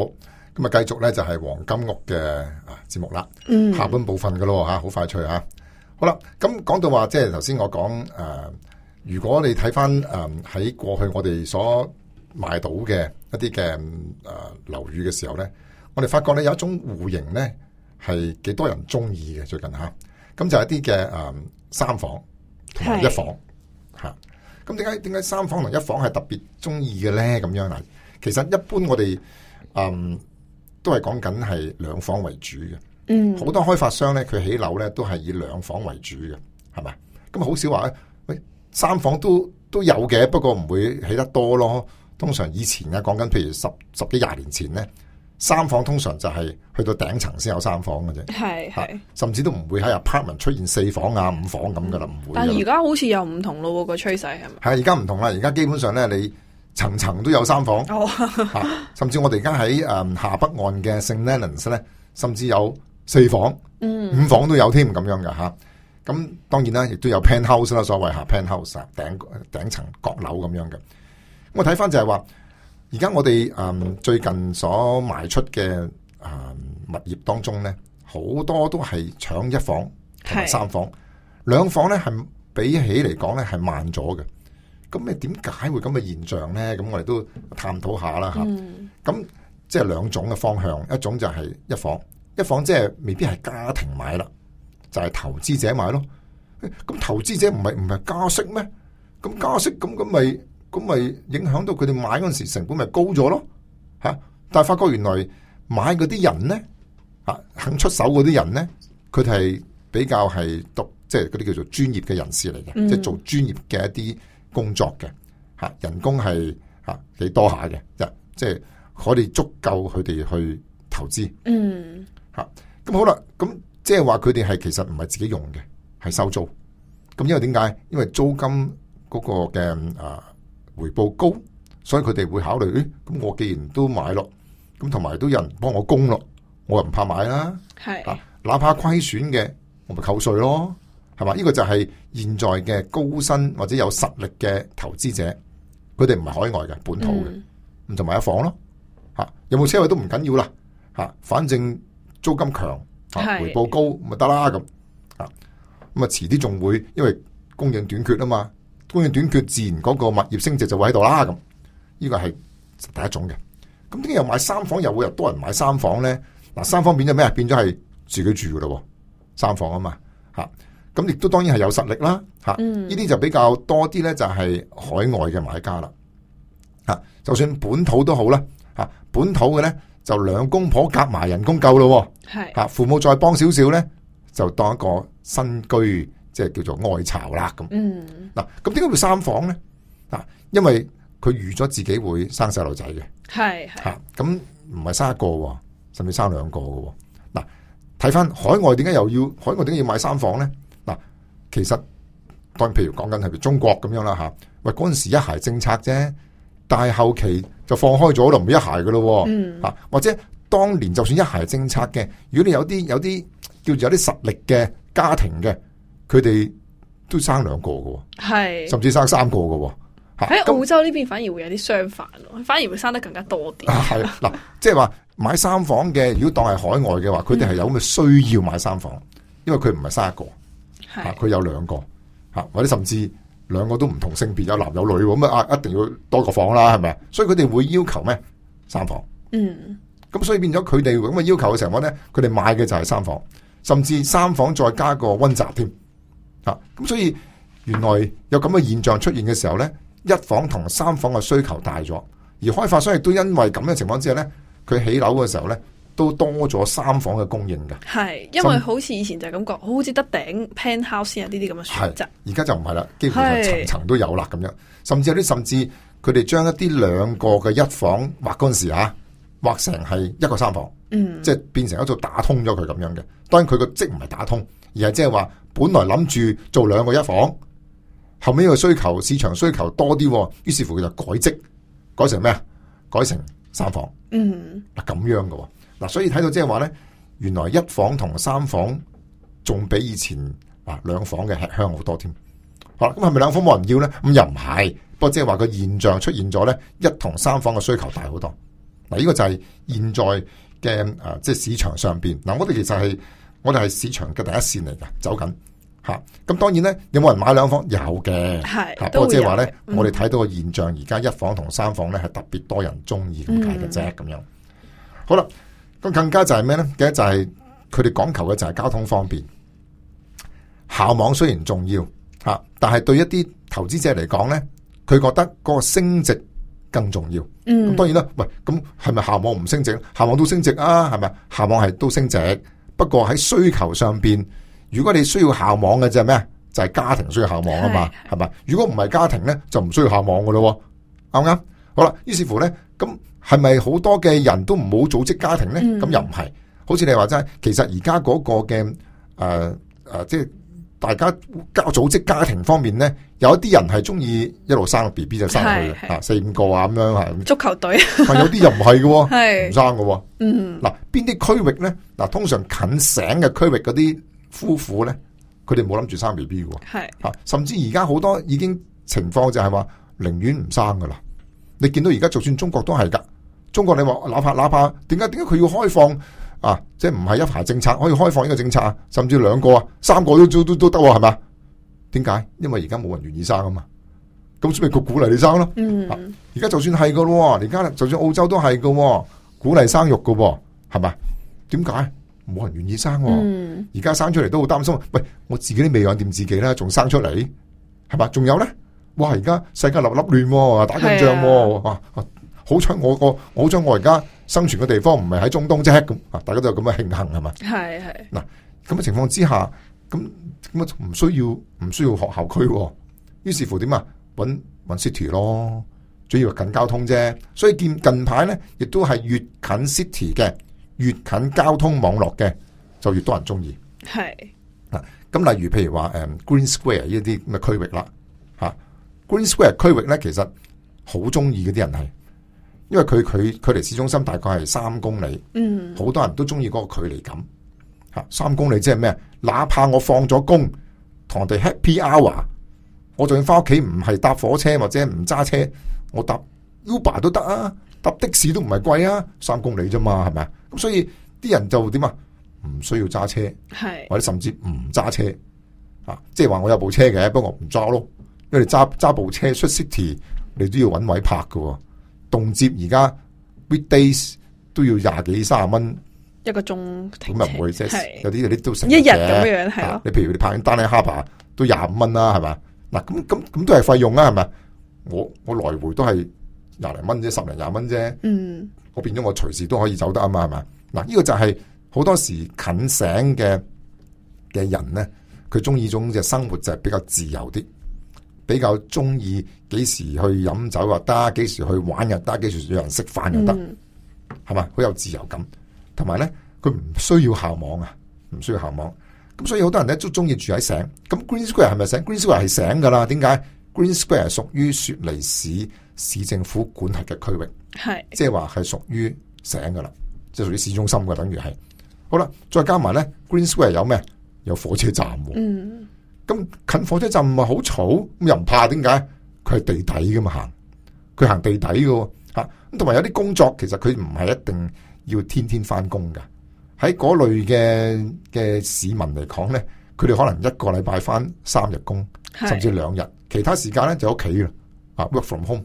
咁啊繼續咧就係黃金屋嘅節目啦，嗯，下半部分噶咯吓，好快脆吓，好啦，咁講到話即係頭先我講誒。呃如果你睇翻誒喺過去我哋所買到嘅一啲嘅誒樓宇嘅時候咧，我哋發覺咧有一種戶型咧係幾多人中意嘅最近嚇，咁就係一啲嘅誒三房同埋一房嚇。咁點解點解三房同一房係特別中意嘅咧？咁樣啦，其實一般我哋誒、嗯、都係講緊係兩房為主嘅。嗯，好多開發商咧，佢起樓咧都係以兩房為主嘅，係咪？咁好少話咧。三房都都有嘅，不過唔會起得多咯。通常以前啊，講緊譬如十十幾廿年前咧，三房通常就係去到頂層先有三房嘅啫。係係，係甚至都唔會喺 apartment 出現四房啊、嗯、五房咁噶啦，唔會。但係而家好似又唔同咯，個趨勢係咪？係而家唔同啦，而家基本上咧，你層層都有三房。吓、哦， 甚至我哋而家喺誒下北岸嘅 St Leonards 咧，甚至有四房、嗯、五房都有添咁樣嘅吓。咁當然啦，亦都有 penthouse 啦，所謂吓 penthouse 頂頂層閣樓咁樣嘅。我睇翻就係話，而家我哋、嗯、最近所賣出嘅啊、嗯、物業當中咧，好多都係搶一房三房，兩是房咧係比起嚟講咧係慢咗嘅。咁你點解會咁嘅現象咧？咁我哋都探討下啦吓。咁、嗯、即係兩種嘅方向，一種就係一房，一房即係未必係家庭買啦。但係投資者買咯，咁、欸、投資者唔係唔係加息咩？咁加息咁咁咪咁咪影響到佢哋買嗰陣時成本咪高咗咯？吓、啊！但係發覺原來買嗰啲人呢？吓、啊、肯出手嗰啲人呢？佢係比較係讀，即係嗰啲叫做專業嘅人士嚟嘅，即係、嗯、做專業嘅一啲工作嘅吓、啊，人工係吓幾多下嘅，即係我哋足夠佢哋去投資。嗯，吓咁、啊、好啦，咁。即係話佢哋係其實唔係自己用嘅，係收租。咁因為點解？因為租金嗰個嘅誒回報高，所以佢哋會考慮。咁、欸、我既然都買咯，咁同埋都有人幫我供咯，我又唔怕買啦。係，哪怕虧損嘅，我咪扣稅咯，係嘛？呢個就係現在嘅高薪或者有實力嘅投資者，佢哋唔係海外嘅，本土嘅，咁就買咗房咯。吓、啊，有冇車位都唔緊要啦。吓、啊，反正租金強。是回報高咪得啦咁，咁啊遲啲仲會，因為供應短缺啊嘛，供應短缺自然嗰個物業升值就會喺度啦咁，呢個係第一種嘅。咁點解又買三房又會又多人買三房咧？嗱，三房變咗咩啊？變咗係自己住噶咯，三房啊嘛吓。咁亦都當然係有實力啦吓。呢啲，嗯、就比較多啲咧，就係海外嘅買家啦吓。就算本土都好啦吓，本土嘅咧。就兩公婆夾埋人工夠咯，係嚇是父母再幫少少咧，就當一個新居，即係叫做愛巢啦咁。嗱，咁點解會三房咧？嗱、啊，因為佢預咗自己會生細路仔嘅，係嚇，咁唔係生一個，甚至生兩個嘅。嗱、啊，睇翻海外點解，又要海外點解要買三房咧？嗱、啊，其實當譬如講緊係咪中國咁樣啦嚇、啊，喂，嗰陣時一孩政策啫。但係後期就放開咗咯，唔一孩嘅咯，嚇、嗯啊、或者當年就算一孩政策嘅，如果你有啲有啲叫做有啲實力嘅家庭嘅，佢哋都生兩個嘅，係是甚至生三個嘅喎。喺、啊、澳洲呢邊反而會有啲相反咯，反而會生得更加多啲。係嗱、啊，即係話買三房嘅，如果當係海外嘅話，佢哋係有咁嘅需要買三房，嗯、因為佢唔係生一個，係、啊、佢是有兩個嚇、啊，或者甚至。兩個都唔同性別，有男有女，咁啊，一定要多個房啦，係咪？所以佢哋會要求咩？三房。嗯，咁所以變咗佢哋咁嘅要求嘅情況咧，佢哋買嘅就係三房，甚至三房再加個溫習添。啊，咁所以原來有咁嘅現象出現嘅時候咧，一房同三房嘅需求大咗，而開發商亦都因為咁嘅情況之下咧，佢起樓嘅時候咧。都多咗三房嘅供應㗎，係因為好似以前就感覺，好似得頂 Penthouse 先有呢啲咁嘅選擇。而家就唔係啦，基本上層層都有啦，咁樣甚至有啲甚至佢哋將一啲兩個嘅一房劃公時吓劃成係一個三房，嗯，即係變成一座打通咗佢咁樣嘅。當然佢個則唔係打通，而係即係話本來諗住做兩個一房，後尾個需求市場需求多啲，於是乎佢就改則改成咩啊？改成三房，嗯，嗱咁樣嘅。嗱，所以睇到即係話咧，原來一房同三房仲比以前啊兩房嘅吃香好多添，好啦，咁係咪兩房冇人要咧？咁又唔係，不過即係話個現象出現咗咧，一同三房嘅需求大好多。嗱，呢個就係現在嘅誒，即係市場上邊。嗱，我哋其實係我哋係市場嘅第一線嚟噶，走緊吓。咁當然咧，有冇人買兩房？有嘅係吓。不過即係話咧，我哋睇到個現象，而家一房同三房咧係特別多人中意咁解嘅啫，咁、嗯、樣好啦。更加就係咩咧？第一就係佢哋講求嘅就係交通方便，校網雖然重要吓，但係對一啲投資者嚟講咧，佢覺得嗰個升值更重要。嗯，咁當然啦，喂，咁係咪校網唔升值？校網都升值啊，係咪？校網係都升值，不過喺需求上面，如果你需要校網嘅，就係咩？就係家庭需要校網啊嘛，係咪對？如果唔係家庭咧，就唔需要校網噶咯，啱唔啱？好啦，於是乎咧，咁係咪好多嘅人都唔好組織家庭咧？咁又唔係，好似你話齋，其實而家嗰個嘅誒誒，即係大家教組織家庭方面咧，有一啲人係中意一路生 B B 就生佢，嘅吓，四五個啊咁樣係足球隊，啊，係有啲又唔係嘅，係唔生嘅。嗯，嗱，邊啲區域咧？嗱，通常近省嘅區域嗰啲夫婦咧，佢哋冇諗住生 B B 嘅，係吓，甚至而家好多已經情況就係話寧願唔生噶啦。你見到而家，就算中國都係噶。中國你話，哪怕哪怕點解點解佢要開放啊？即係唔係一排政策可以開放呢個政策啊？甚至兩個啊、三個都都都都得係嘛？點解？因為而家冇人願意生啊嘛。咁所以佢鼓勵你生咯。嗯。而家，啊，就算係噶咯，而家就算澳洲都係噶，鼓勵生育噶，係嘛？點解？冇人願意生，啊。嗯。而家生出嚟都好擔心。喂，我自己都未養掂自己啦，仲生出嚟，係嘛？仲有咧。哇！而家世界立立亂，打緊仗，哇是、啊啊！好彩我個好彩我而家生存嘅地方唔係喺中東啫，咁啊，大家都有咁嘅慶幸係嘛？係係。嗱咁嘅情況之下，咁咁啊唔需要唔需要學校區，於是乎點啊？揾揾 city 咯，主要近交通啫。所以見近排咧，亦都係越近 city 嘅，越近交通網絡嘅，就越多人中意。係。嗱咁例如譬如話誒 Green Square 呢啲咁嘅區域啦。Green Square 區域咧，其實好中意嗰啲人係，因為佢佢佢離市中心大概係三公里，好多人都中意嗰個距離感嚇。三公里即係咩？哪怕我放咗工，同人哋 happy hour，我仲要翻屋企，唔係搭火車或者唔揸車，我搭 Uber 都得啊，搭的士都唔係貴啊，三公里啫嘛，係咪啊？咁所以啲人就點啊？唔需要揸車，或者甚至唔揸車嚇，即係話我有部車嘅，不過唔揸咯。因為你哋揸揸部車出 city，你都要揾位泊㗎。動輒而家 weekdays 都要廿幾三十蚊一個鐘，咁又唔會即係是有啲有啲都成一日咁樣係、啊、你譬如你泊單呢哈巴都廿五蚊啦，係咪？嗱、啊？咁咁咁都係費用啦、啊，係咪？我我來回都係廿零蚊啫，十零廿蚊啫。嗯，我變咗我隨時都可以走得啊嘛，係咪？嗱、啊？呢、這個就係好多時近醒嘅嘅人咧，佢鍾意種嘅生活就係比較自由啲。比較中意幾時去飲酒又得，幾時去玩又得，幾時有人食飯又得，係嘛、嗯？好有自由感。同埋咧，佢唔需要校網啊，唔需要校網。咁所以好多人咧都中意住喺城。咁 Green Square 係咪城？Green Square 係城噶啦。點解？Green Square 係屬於雪梨市市政府管轄嘅區域，係即係話係屬於城噶啦，即係屬於市中心嘅，等於係。好啦，再加埋咧，Green Square 有咩？有火車站。嗯咁近火車站唔係好嘈，咁又唔怕？點解？佢係地底㗎嘛，行，佢行地底㗎喎，嚇。咁同埋有啲工作，其實佢唔係一定要天天翻工㗎。喺嗰類嘅嘅市民嚟講咧，佢哋可能一個禮拜翻三日工，是甚至兩日，其他時間咧就喺屋企啦。啊，work from home。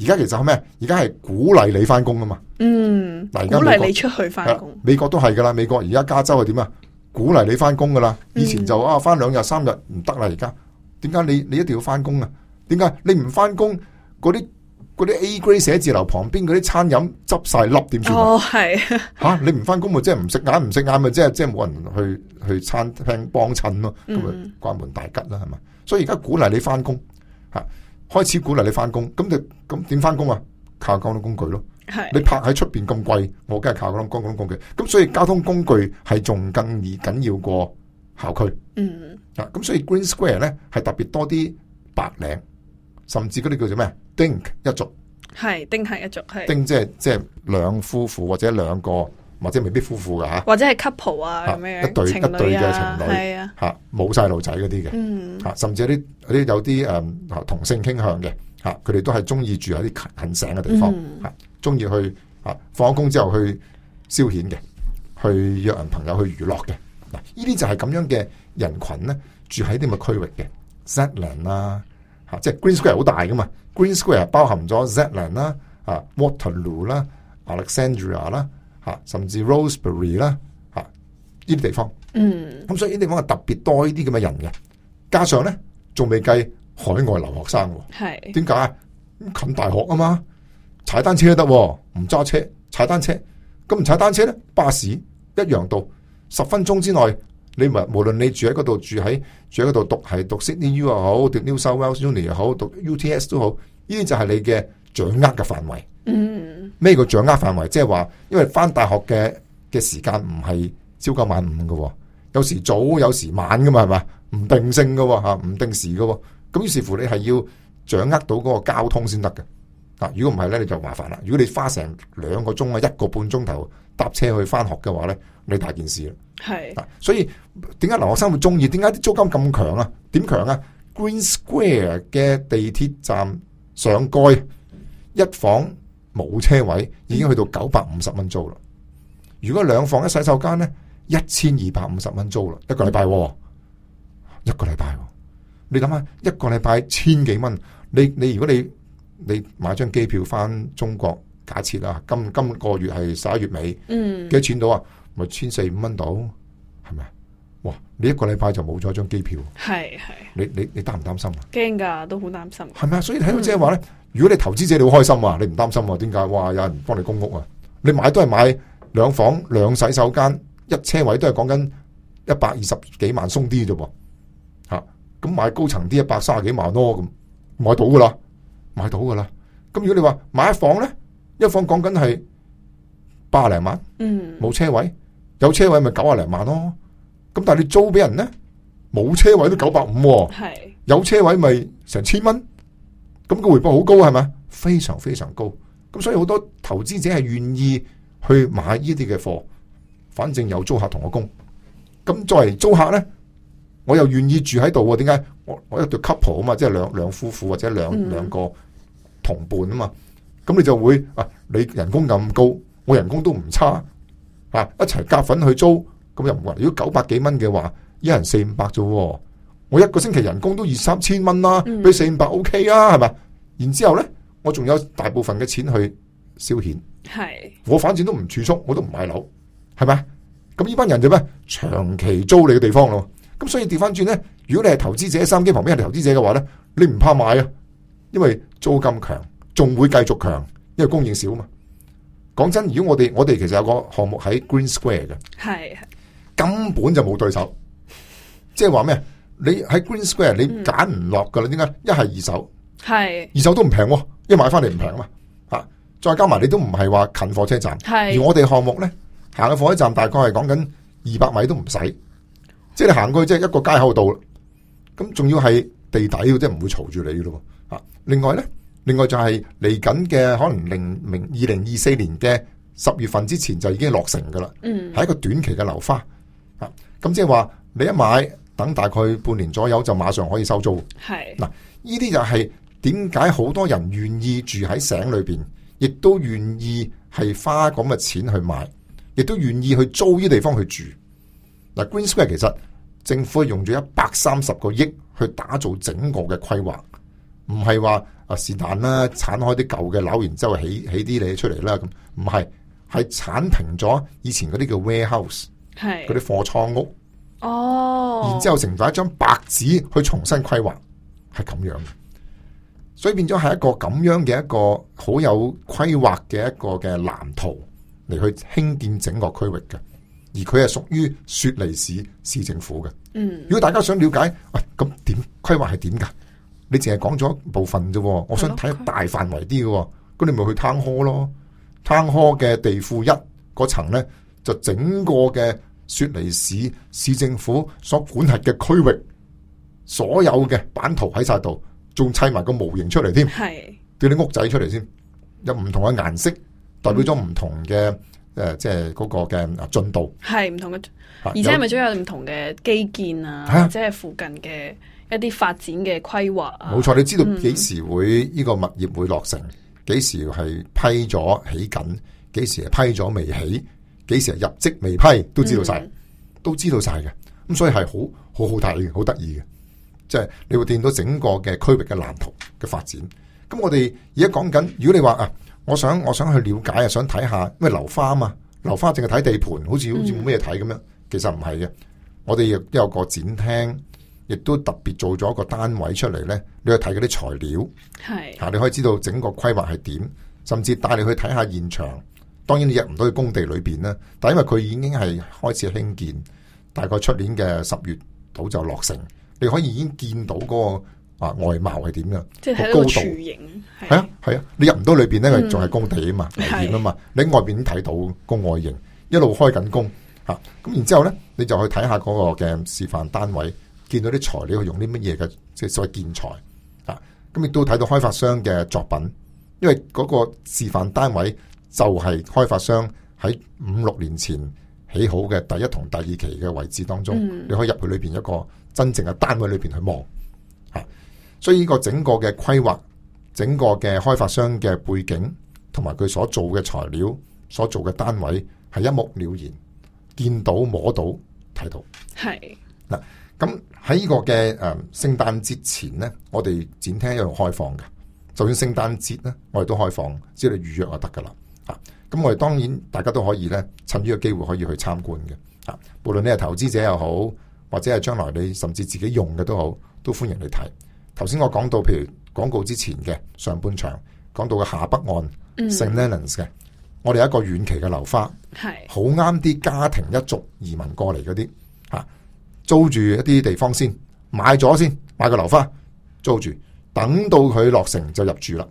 而家其實係咩？而家係鼓勵你翻工㗎嘛？嗯，嗱，鼓勵你出去翻工。啊，美國都係㗎啦，美國而家加州係點啊？鼓勵你翻工噶啦，以前就啊翻兩日三日唔得啦，而家點解你你一定要翻工啊？點解你唔翻工？嗰啲嗰啲 A grade 寫字樓旁邊嗰啲餐飲執晒笠點算？哦，係吓、啊、你唔翻工咪即係唔食晏，唔食晏咪即係即係冇人去去餐廳幫襯咯，咁咪關門大吉啦係嘛？所以而家鼓勵你翻工吓，開始鼓勵你翻工，咁就咁點翻工啊？靠交通工具咯。是你泊喺出邊咁貴，我梗係靠嗰種公共工具。咁所以交通工具係仲更易緊要過校區。嗯，啊，咁所以 Green Square 咧係特別多啲白領，甚至嗰啲叫做咩？丁一族，係丁係一族，係丁即係即係兩夫婦或者兩個，或者未必夫婦嘅吓，啊、或者係 couple 啊咁樣，啊啊、一對、啊、一對嘅情侶，係啊，吓冇細路仔嗰啲嘅，吓、嗯啊、甚至啲嗰啲有啲誒、嗯啊、同性傾向嘅吓，佢、啊、哋都係中意住喺啲近近省嘅地方吓。嗯啊.中意去啊，放工之後去消遣嘅，去約人朋友去娛樂嘅。嗱，依啲就係咁樣嘅人群咧，住喺啲咁嘅區域嘅，Zetland 啦，嚇，即係 Green Square 好大噶嘛，Green Square 包含咗 Zetland 啦、啊 Waterloo 啦、Alexandria 啦、嚇，甚至 Roseberry 啦、嚇，依啲地方。嗯。咁所以呢啲地方係特別多呢啲咁嘅人嘅，加上咧仲未計海外留學生喎、啊。係是。點解？近大學啊嘛。踩單車都得，唔揸車，踩單車。咁唔踩單車咧，巴士一樣到。十分鐘之內，你唔無論你住喺嗰度住喺住喺嗰度讀係讀 Sydney U 又好，讀 New South Wales Uni 又好，讀 UTS 都好，呢啲就係你嘅掌握嘅範圍。嗯，咩叫掌握範圍？即係話，因為翻大學嘅嘅時間唔係朝九晚五噶，有時早有時晚噶嘛，係嘛？唔定性噶吓，唔定時噶。咁於是乎，你係要掌握到嗰個交通先得嘅。嗱，如果唔係咧，你就麻煩啦。如果你花成兩個鐘啊，一個半鐘頭搭車去翻學嘅話咧，你大件事啦。係是所以點解留學生會中意？點解啲租金咁強啊？點強啊？Green Square 嘅地鐵站上蓋、嗯、一房冇車位，已經去到九百五十蚊租啦。嗯、如果兩房一洗手間咧，一千二百五十蚊租啦，一個禮拜，一個禮拜。你諗下，一個禮拜千幾蚊，你你如果你。你買張機票翻中國，假設啊，今今個月係十一月尾，幾、嗯、多錢到啊？咪千四五蚊到，係咪啊？哇！你一個禮拜就冇咗一張機票，係係，你你你擔唔擔心啊？驚噶，都好擔心。係咪啊？所以睇到即係話咧，嗯、如果你投資者你好開心啊，你唔擔心啊？點解？哇！有人幫你供屋啊？你買都係買兩房兩洗手間一車位，都係講緊一百二十幾萬鬆啲啫噃，吓咁買高層啲一百三十幾萬咯，咁買到噶啦。嗯買到噶啦，咁如果你話買一房咧，一房講緊係八零萬，嗯，冇車位，有車位咪九啊零萬咯。咁但係你租俾人咧，冇車位都九百五，係有車位咪成千蚊。咁個回報好高係咪？非常非常高。咁所以好多投資者係願意去買呢啲嘅貨，反正有租客同我供。咁作為租客咧。我又願意住喺度喎？點解我我一對 couple 啊嘛，即係兩兩夫婦或者兩兩、嗯、個同伴啊嘛？咁你就會啊，你人工咁高，我人工都唔差啊，一齊夾份去租咁又唔話？如果九百幾蚊嘅話，一人四五百啫，我一個星期人工都二三千蚊啦，俾四五百 OK 啊，係咪？然之後咧，我仲有大部分嘅錢去消遣，係是的 我反正都唔儲蓄，我都唔買樓，係咪？咁呢班人就咩？長期租你嘅地方咯。咁所以調翻轉咧，如果你係投資者，三機旁邊係投資者嘅話咧，你唔怕買啊，因為租金強，仲會繼續強，因為供應少嘛。講真，如果我哋我哋其實有個項目喺 Green Square 嘅，係是根本就冇對手，即係話咩你喺 Green Square 你揀唔落噶啦？點解、嗯？一係二手，係是二手都唔平、啊，一買翻嚟唔平啊嘛。吓、啊，再加埋你都唔係話近火車站，係是而我哋項目咧行到火車站大概係講緊二百米都唔使。即係行過去，即係一個街口度，咁仲要係地底，即係唔會嘈住你嘅咯。吓，另外咧，另外就係嚟緊嘅，可能零零二零二四年嘅十月份之前就已經落成噶啦。嗯，係一個短期嘅樓花。啊，咁即係話你一買，等大概半年左右就馬上可以收租。係嗱是，呢啲就係點解好多人願意住喺醒裏邊，亦都願意係花咁嘅錢去買，亦都願意去租呢啲地方去住。嗱，Green Square 其實。政府用咗一百三十個億去打造整個嘅規劃，唔係話啊是但啦，鏟開啲舊嘅樓，然之後起起啲嘢出嚟啦，咁唔係，係鏟平咗以前嗰啲叫 warehouse，嗰啲貨是倉屋，哦、oh，然之後成咗一張白紙去重新規劃，係咁樣嘅，所以變咗係一個咁樣嘅一個好有規劃嘅一個嘅藍圖嚟去興建整個區域嘅。而佢係屬於雪梨市市政府嘅。嗯，如果大家想了解，喂、哎，咁點規劃係點噶？你淨係講咗部分啫，我想睇大範圍啲嘅。咁的你咪去 Town Hall 咯。Town Hall 嘅地庫一嗰層咧，就整個嘅雪梨市市政府所管轄嘅區域，所有嘅版圖喺晒度，仲砌埋個模型出嚟添，叫你的屋仔出嚟先，有唔同嘅顏色代表咗唔同嘅、嗯。誒，即係嗰個嘅進度係唔同嘅，而且係咪都有唔同嘅基建啊，啊或者係附近嘅一啲發展嘅規劃啊。冇錯，你知道幾時會呢個物業會落成，幾、嗯、時係批咗起緊，幾時係批咗未起，幾時係入職未批，都知道晒，嗯、都知道晒嘅。咁所以係好好好睇嘅，好得意嘅。即、就、係、是、你會見到整個嘅區域嘅藍圖嘅發展。咁我哋而家講緊，如果你話啊。我想我想去了解啊，想睇下，因為樓花嘛，樓花淨係睇地盤，好似好似冇咩睇咁樣。嗯、其實唔係嘅，我哋亦都有個展廳，亦都特別做咗一個單位出嚟呢。你去睇嗰啲材料，係是、啊、你可以知道整個規劃係點，甚至帶你去睇下現場。當然你入唔到去工地裏邊啦，但因為佢已經係開始興建，大概出年嘅十月度就落成。你可以已經見到嗰、那個。啊，外貌係點樣？即係喺高度型。係啊，係啊，你入唔、嗯、到裏邊咧，佢仲係工地啊嘛，危險啊嘛。你喺外邊睇到個外形，一路開緊工。吓，咁然之後咧，你就去睇下嗰個嘅示範單位，見到啲材料用啲乜嘢嘅，即係所謂建材。吓，咁亦都睇到開發商嘅作品，因為嗰個示範單位就係開發商喺五六年前起好嘅第一同第二期嘅位置當中，你可以入去裏邊一個真正嘅單位裏邊去望。所以呢個整個嘅規劃、整個嘅開發商嘅背景，同埋佢所做嘅材料、所做嘅單位，係一目了然，見到摸到睇到。係嗱是，咁喺呢個嘅誒聖誕節前呢，我哋展廳又開放嘅。就算聖誕節呢，我哋都開放，只要你預約就得噶啦。啊，咁我哋當然大家都可以呢，趁呢個機會可以去參觀嘅。啊，無論你係投資者又好，或者係將來你甚至自己用嘅都好，都歡迎你睇。頭先我講到，譬如廣告之前嘅上半場，講到嘅下北岸、嗯、，St Leonards 嘅，我哋有一個遠期嘅樓花，係好啱啲家庭一族移民過嚟，嗰啲吓租住一啲地方先，買咗先買個樓花，租住，等到佢落成就入住啦。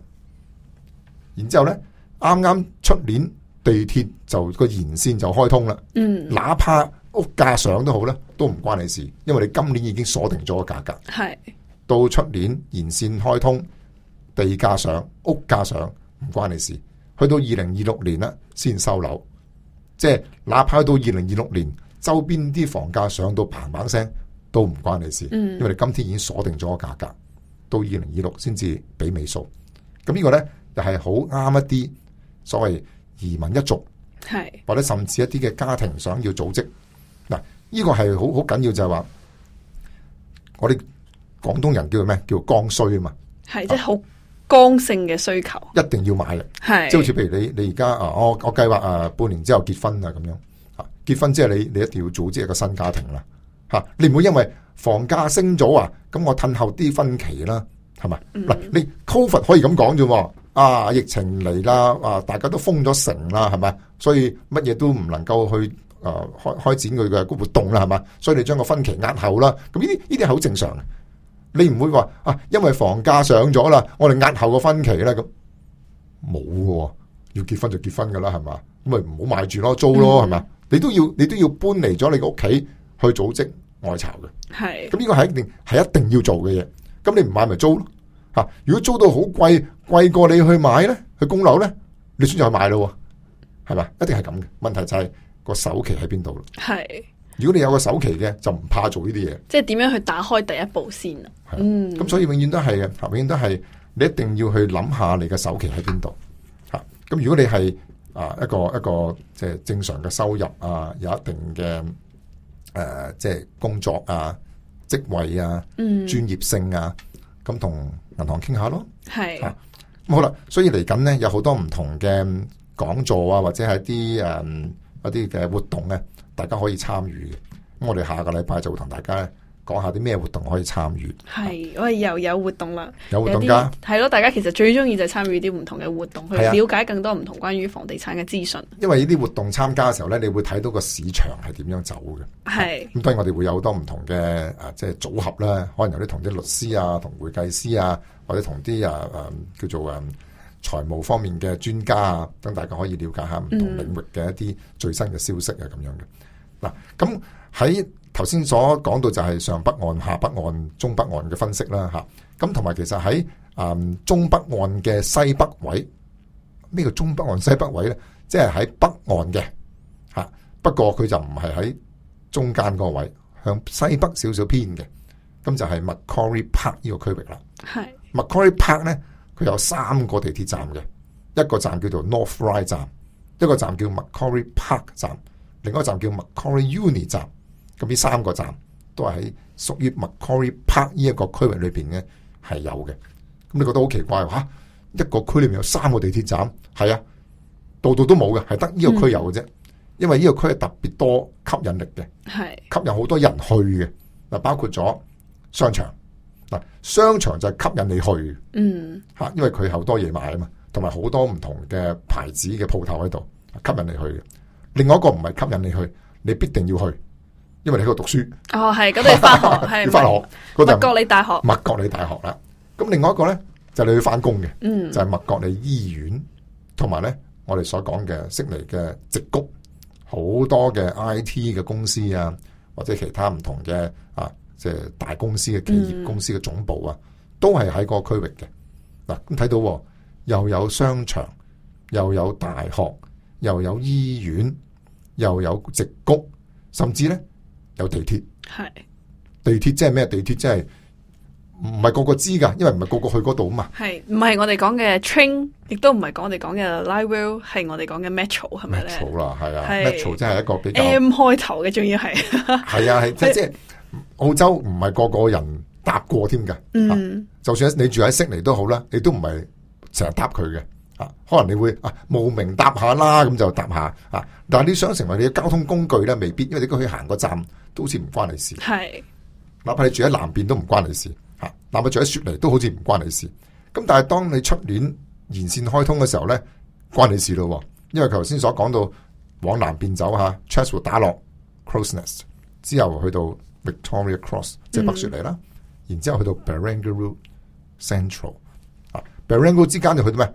然之後咧，啱啱出年地鐵就個沿線就開通啦，嗯，哪怕屋價上都好咧，都唔關你事，因為你今年已經鎖定咗個價格，係。到出年沿線開通，地價上、屋價上唔關你事。去到二零二六年呢，先收樓。即係哪怕去到二零二六年，周邊啲房價上到嘭嘭聲都唔關你事，因為你今天已經鎖定咗個價格。到二零二六先至畀尾數。咁呢個呢，又係好啱一啲所謂移民一族，係是或者甚至一啲嘅家庭想要組織嗱，呢、呢個係好好緊要就係話我哋。廣東人叫做咩？叫剛需啊嘛，係即係好剛性嘅需求，一定要買嘅，係即係好似譬如你你而家啊，我我計劃啊半年之後結婚啊咁樣，吓、啊、結婚之後你你一定要組織一個新家庭啦，吓、啊、你唔會因為房價升咗啊，咁我褪後啲分期啦，係咪？嗱、嗯，你 COVID 可以咁講啫，啊疫情嚟啦，啊大家都封咗城啦，係咪？所以乜嘢都唔能夠去誒、啊、開開展佢嘅活動啦，係嘛？所以你將個分期押後啦，咁呢啲呢啲係好正常。你唔會話啊，因為房價上咗啦，我哋押後個分期啦，咁冇嘅，要結婚就結婚噶啦，係嘛，咁咪唔好買住咯，租咯，係嘛、嗯，你都要你都要搬離咗你個屋企去組織外巢嘅，係，咁呢個係一定係一定要做嘅嘢，咁你唔買咪租咯，吓、啊，如果租到好貴貴過你去買咧，去供樓咧，你選擇去買咯，係嘛，一定係咁嘅，問題就係個首期喺邊度咯，係。如果你有個首期嘅，就唔怕做呢啲嘢。即係點樣去打開第一步先啊？啊嗯。咁所以永遠都係嘅，永遠都係你一定要去諗下你嘅首期喺邊度。嚇、啊！咁如果你係啊一個一個即係正常嘅收入啊，有一定嘅誒，即、呃、係、就是、工作啊、職位啊、嗯、專業性啊，咁同銀行傾下咯。係是。咁、啊、好啦，所以嚟緊咧有好多唔同嘅講座啊，或者係啲誒一啲嘅、嗯、活動嘅、啊。大家可以參與，咁我哋下個禮拜就會同大家講下啲咩活動可以參與。係，我哋又有活動啦，有活動㗎，係咯。大家其實最中意就係參與啲唔同嘅活動，去了解更多唔同關於房地產嘅資訊。啊、因為呢啲活動參加嘅時候咧，你會睇到個市場係點樣走嘅。係。咁當然我哋會有好多唔同嘅啊，即係組合啦，可能有啲同啲律師啊、同會計師啊，或者同啲啊啊叫做啊財務方面嘅專家啊，等大家可以了解下唔同領域嘅一啲最新嘅消息啊咁樣嘅。嗯嗱，咁喺頭先所講到就係上北岸、下北岸、中北岸嘅分析啦，吓，咁同埋其實喺啊中北岸嘅西北位，呢個中北岸西北位咧，即係喺北岸嘅吓。不過佢就唔係喺中間嗰個位，向西北少少偏嘅。咁就係 Macquarie Park 呢個區域啦。係是 Macquarie Park 咧，佢有三個地鐵站嘅，一個站叫做 North Ryde 站，一個站叫 Macquarie Park 站。另外一站叫 Macquarie Uni 站，咁呢三個站都係喺屬於 Macquarie Park 呢一個區域裏邊咧係有嘅。咁你覺得好奇怪喎？嚇，一個區裏面有三個地鐵站，係啊，度度都冇嘅，係得呢個區有嘅啫。嗯、因為呢個區係特別多吸引力嘅，係是吸引好多人去嘅嗱，包括咗商場嗱，商場就係吸引你去，嗯嚇，因為佢好多嘢買啊嘛，同埋好多唔同嘅牌子嘅鋪頭喺度吸引你去嘅。另外一個唔係吸引你去，你必定要去，因為你喺度讀書。哦，係咁你返學，係返 學，麥國理大學，麥國理大學啦。咁另外一個咧，就係、你去返工嘅，嗯，就係麥國理醫院，同埋咧，我哋所講嘅悉尼嘅矽谷，好多嘅 I T 嘅公司啊，或者其他唔同嘅啊，即、就、係、是、大公司嘅企業公司嘅總部啊，嗯、都係喺個區域嘅。嗱、啊，咁睇到、哦、又有商場，又有大學，又有醫院。又有直谷，甚至咧有地鐵。係是地鐵即係咩？地鐵即係唔係個個知噶，因為唔係個個去嗰度啊嘛。係唔係我哋講嘅 train？亦都唔係講我哋講嘅 light rail，係我哋講嘅 metro 係咪咧？metro 啦，啊，係啊，啊，metro 真係一個比較 M 開頭嘅，仲要係。係 啊係即係澳洲唔係個個人搭過添噶。嗯、啊，就算你住喺悉尼都好啦，你都唔係成日搭佢嘅。啊、可能你會啊，慕名搭下啦，咁就搭下啊。但係你想成為你嘅交通工具咧，未必，因為你都可以行個站都好似唔關你事。係是，哪怕你住喺南邊都唔關你事。吓、啊，哪怕住喺雪梨都好似唔關你事。咁、啊、但係當你出年沿線開通嘅時候咧，關你事咯、啊。因為頭先所講到往南邊走吓、啊、，Chatswood 打落 Crows Nest 之後去到 Victoria Cross 即係、嗯、北雪梨啦、啊，然之後去到 Barangaroo Central 啊 Barangaroo 之間就去到咩？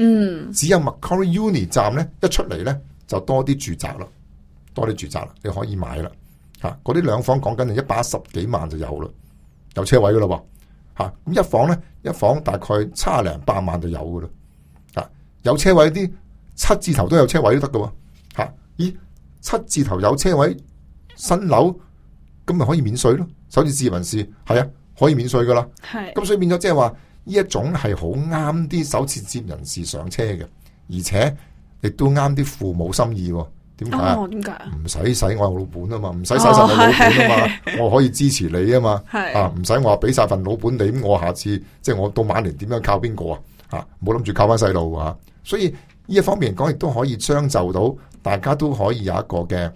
嗯，只有 Macquarie Uni 站咧，一出嚟咧就多啲住宅啦，多啲住宅啦，你可以買啦。吓、啊，嗰啲兩房講緊係一百十幾萬就有啦，有車位噶啦噃。吓、啊，咁一房咧，一房大概差零百萬就有噶啦。吓、啊，有車位啲七字頭都有車位都得噶。吓、啊，咦，七字頭有車位新樓，咁咪可以免稅咯？首次，置業人士係啊，可以免稅噶啦。係是，咁所以變咗即係話。呢一種係好啱啲首次接人士上車嘅，而且亦都啱啲父母心意。點解？點解唔使使我老本啊嘛，唔使使晒我老本啊嘛，哦、我可以支持你啊嘛。係是啊，唔使我話俾晒份老本你，咁我下次是即係我到晚年點樣靠邊個啊？啊，冇諗住靠翻細路啊。所以呢一方面講，亦都可以將就到大家都可以有一個嘅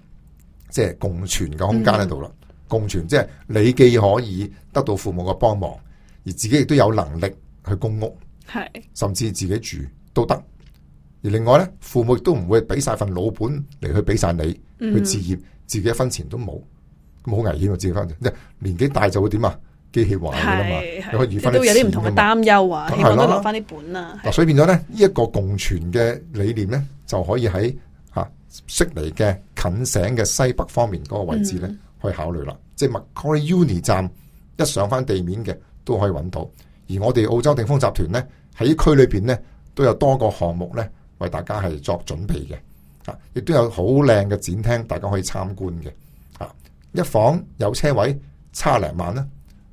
即係共存嘅空間喺度啦。嗯、共存即係你既可以得到父母嘅幫忙。而自己亦都有能力去供屋，係是甚至自己住都得。而另外咧，父母亦都唔會俾晒份老本嚟去俾晒你去置業，嗯、自己一分錢都冇，咁好危險喎！自己翻，即係年紀大就會點是啊？機器壞噶啦嘛，有冇二都有啲唔同擔憂啊？係咪都落翻啲本啊？的所以變咗咧，呢、這、一個共存嘅理念咧，就可以喺吓、啊、悉尼嘅近城嘅西北方面嗰個位置咧去、嗯、考慮啦。即係 Macquarie Uni 站一上翻地面嘅。都可以揾到，而我哋澳洲鼎豐集團呢，喺區裏邊呢都有多個項目呢，為大家係作準備嘅，啊，亦都有好靚嘅展廳大家可以參觀嘅，啊，一房有車位差零萬啦，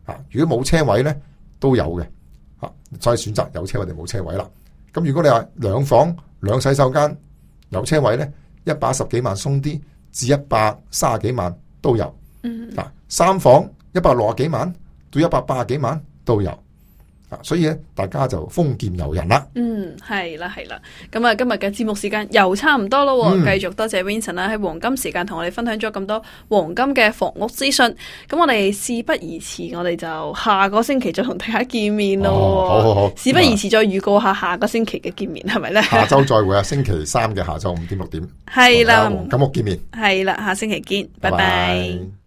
啊，如果冇車位呢，都有嘅，再、啊、選擇有車位定冇車位啦，咁如果你話兩房兩洗手間有車位呢，多一百十幾萬鬆啲至一百三十幾萬都有，嗯、啊，三房一百六十幾萬。到一百八十幾萬都有，啊！所以咧，大家就豐儉由人啦。嗯，係啦，係啦。咁、嗯、啊，今日嘅節目時間又差唔多咯。繼續多謝 Vincent 啦，喺黃金時間同我哋分享咗咁多黃金嘅房屋資訊。咁我哋事不宜遲，我哋就下個星期再同大家見面咯，哦。好好好，事不宜遲，再預告下下個星期嘅見面係咪咧？嗯、吧下周再會啊， 星期三嘅下晝五點六點。係啦的，黃金屋見面。係啦，下星期見，拜拜。拜拜。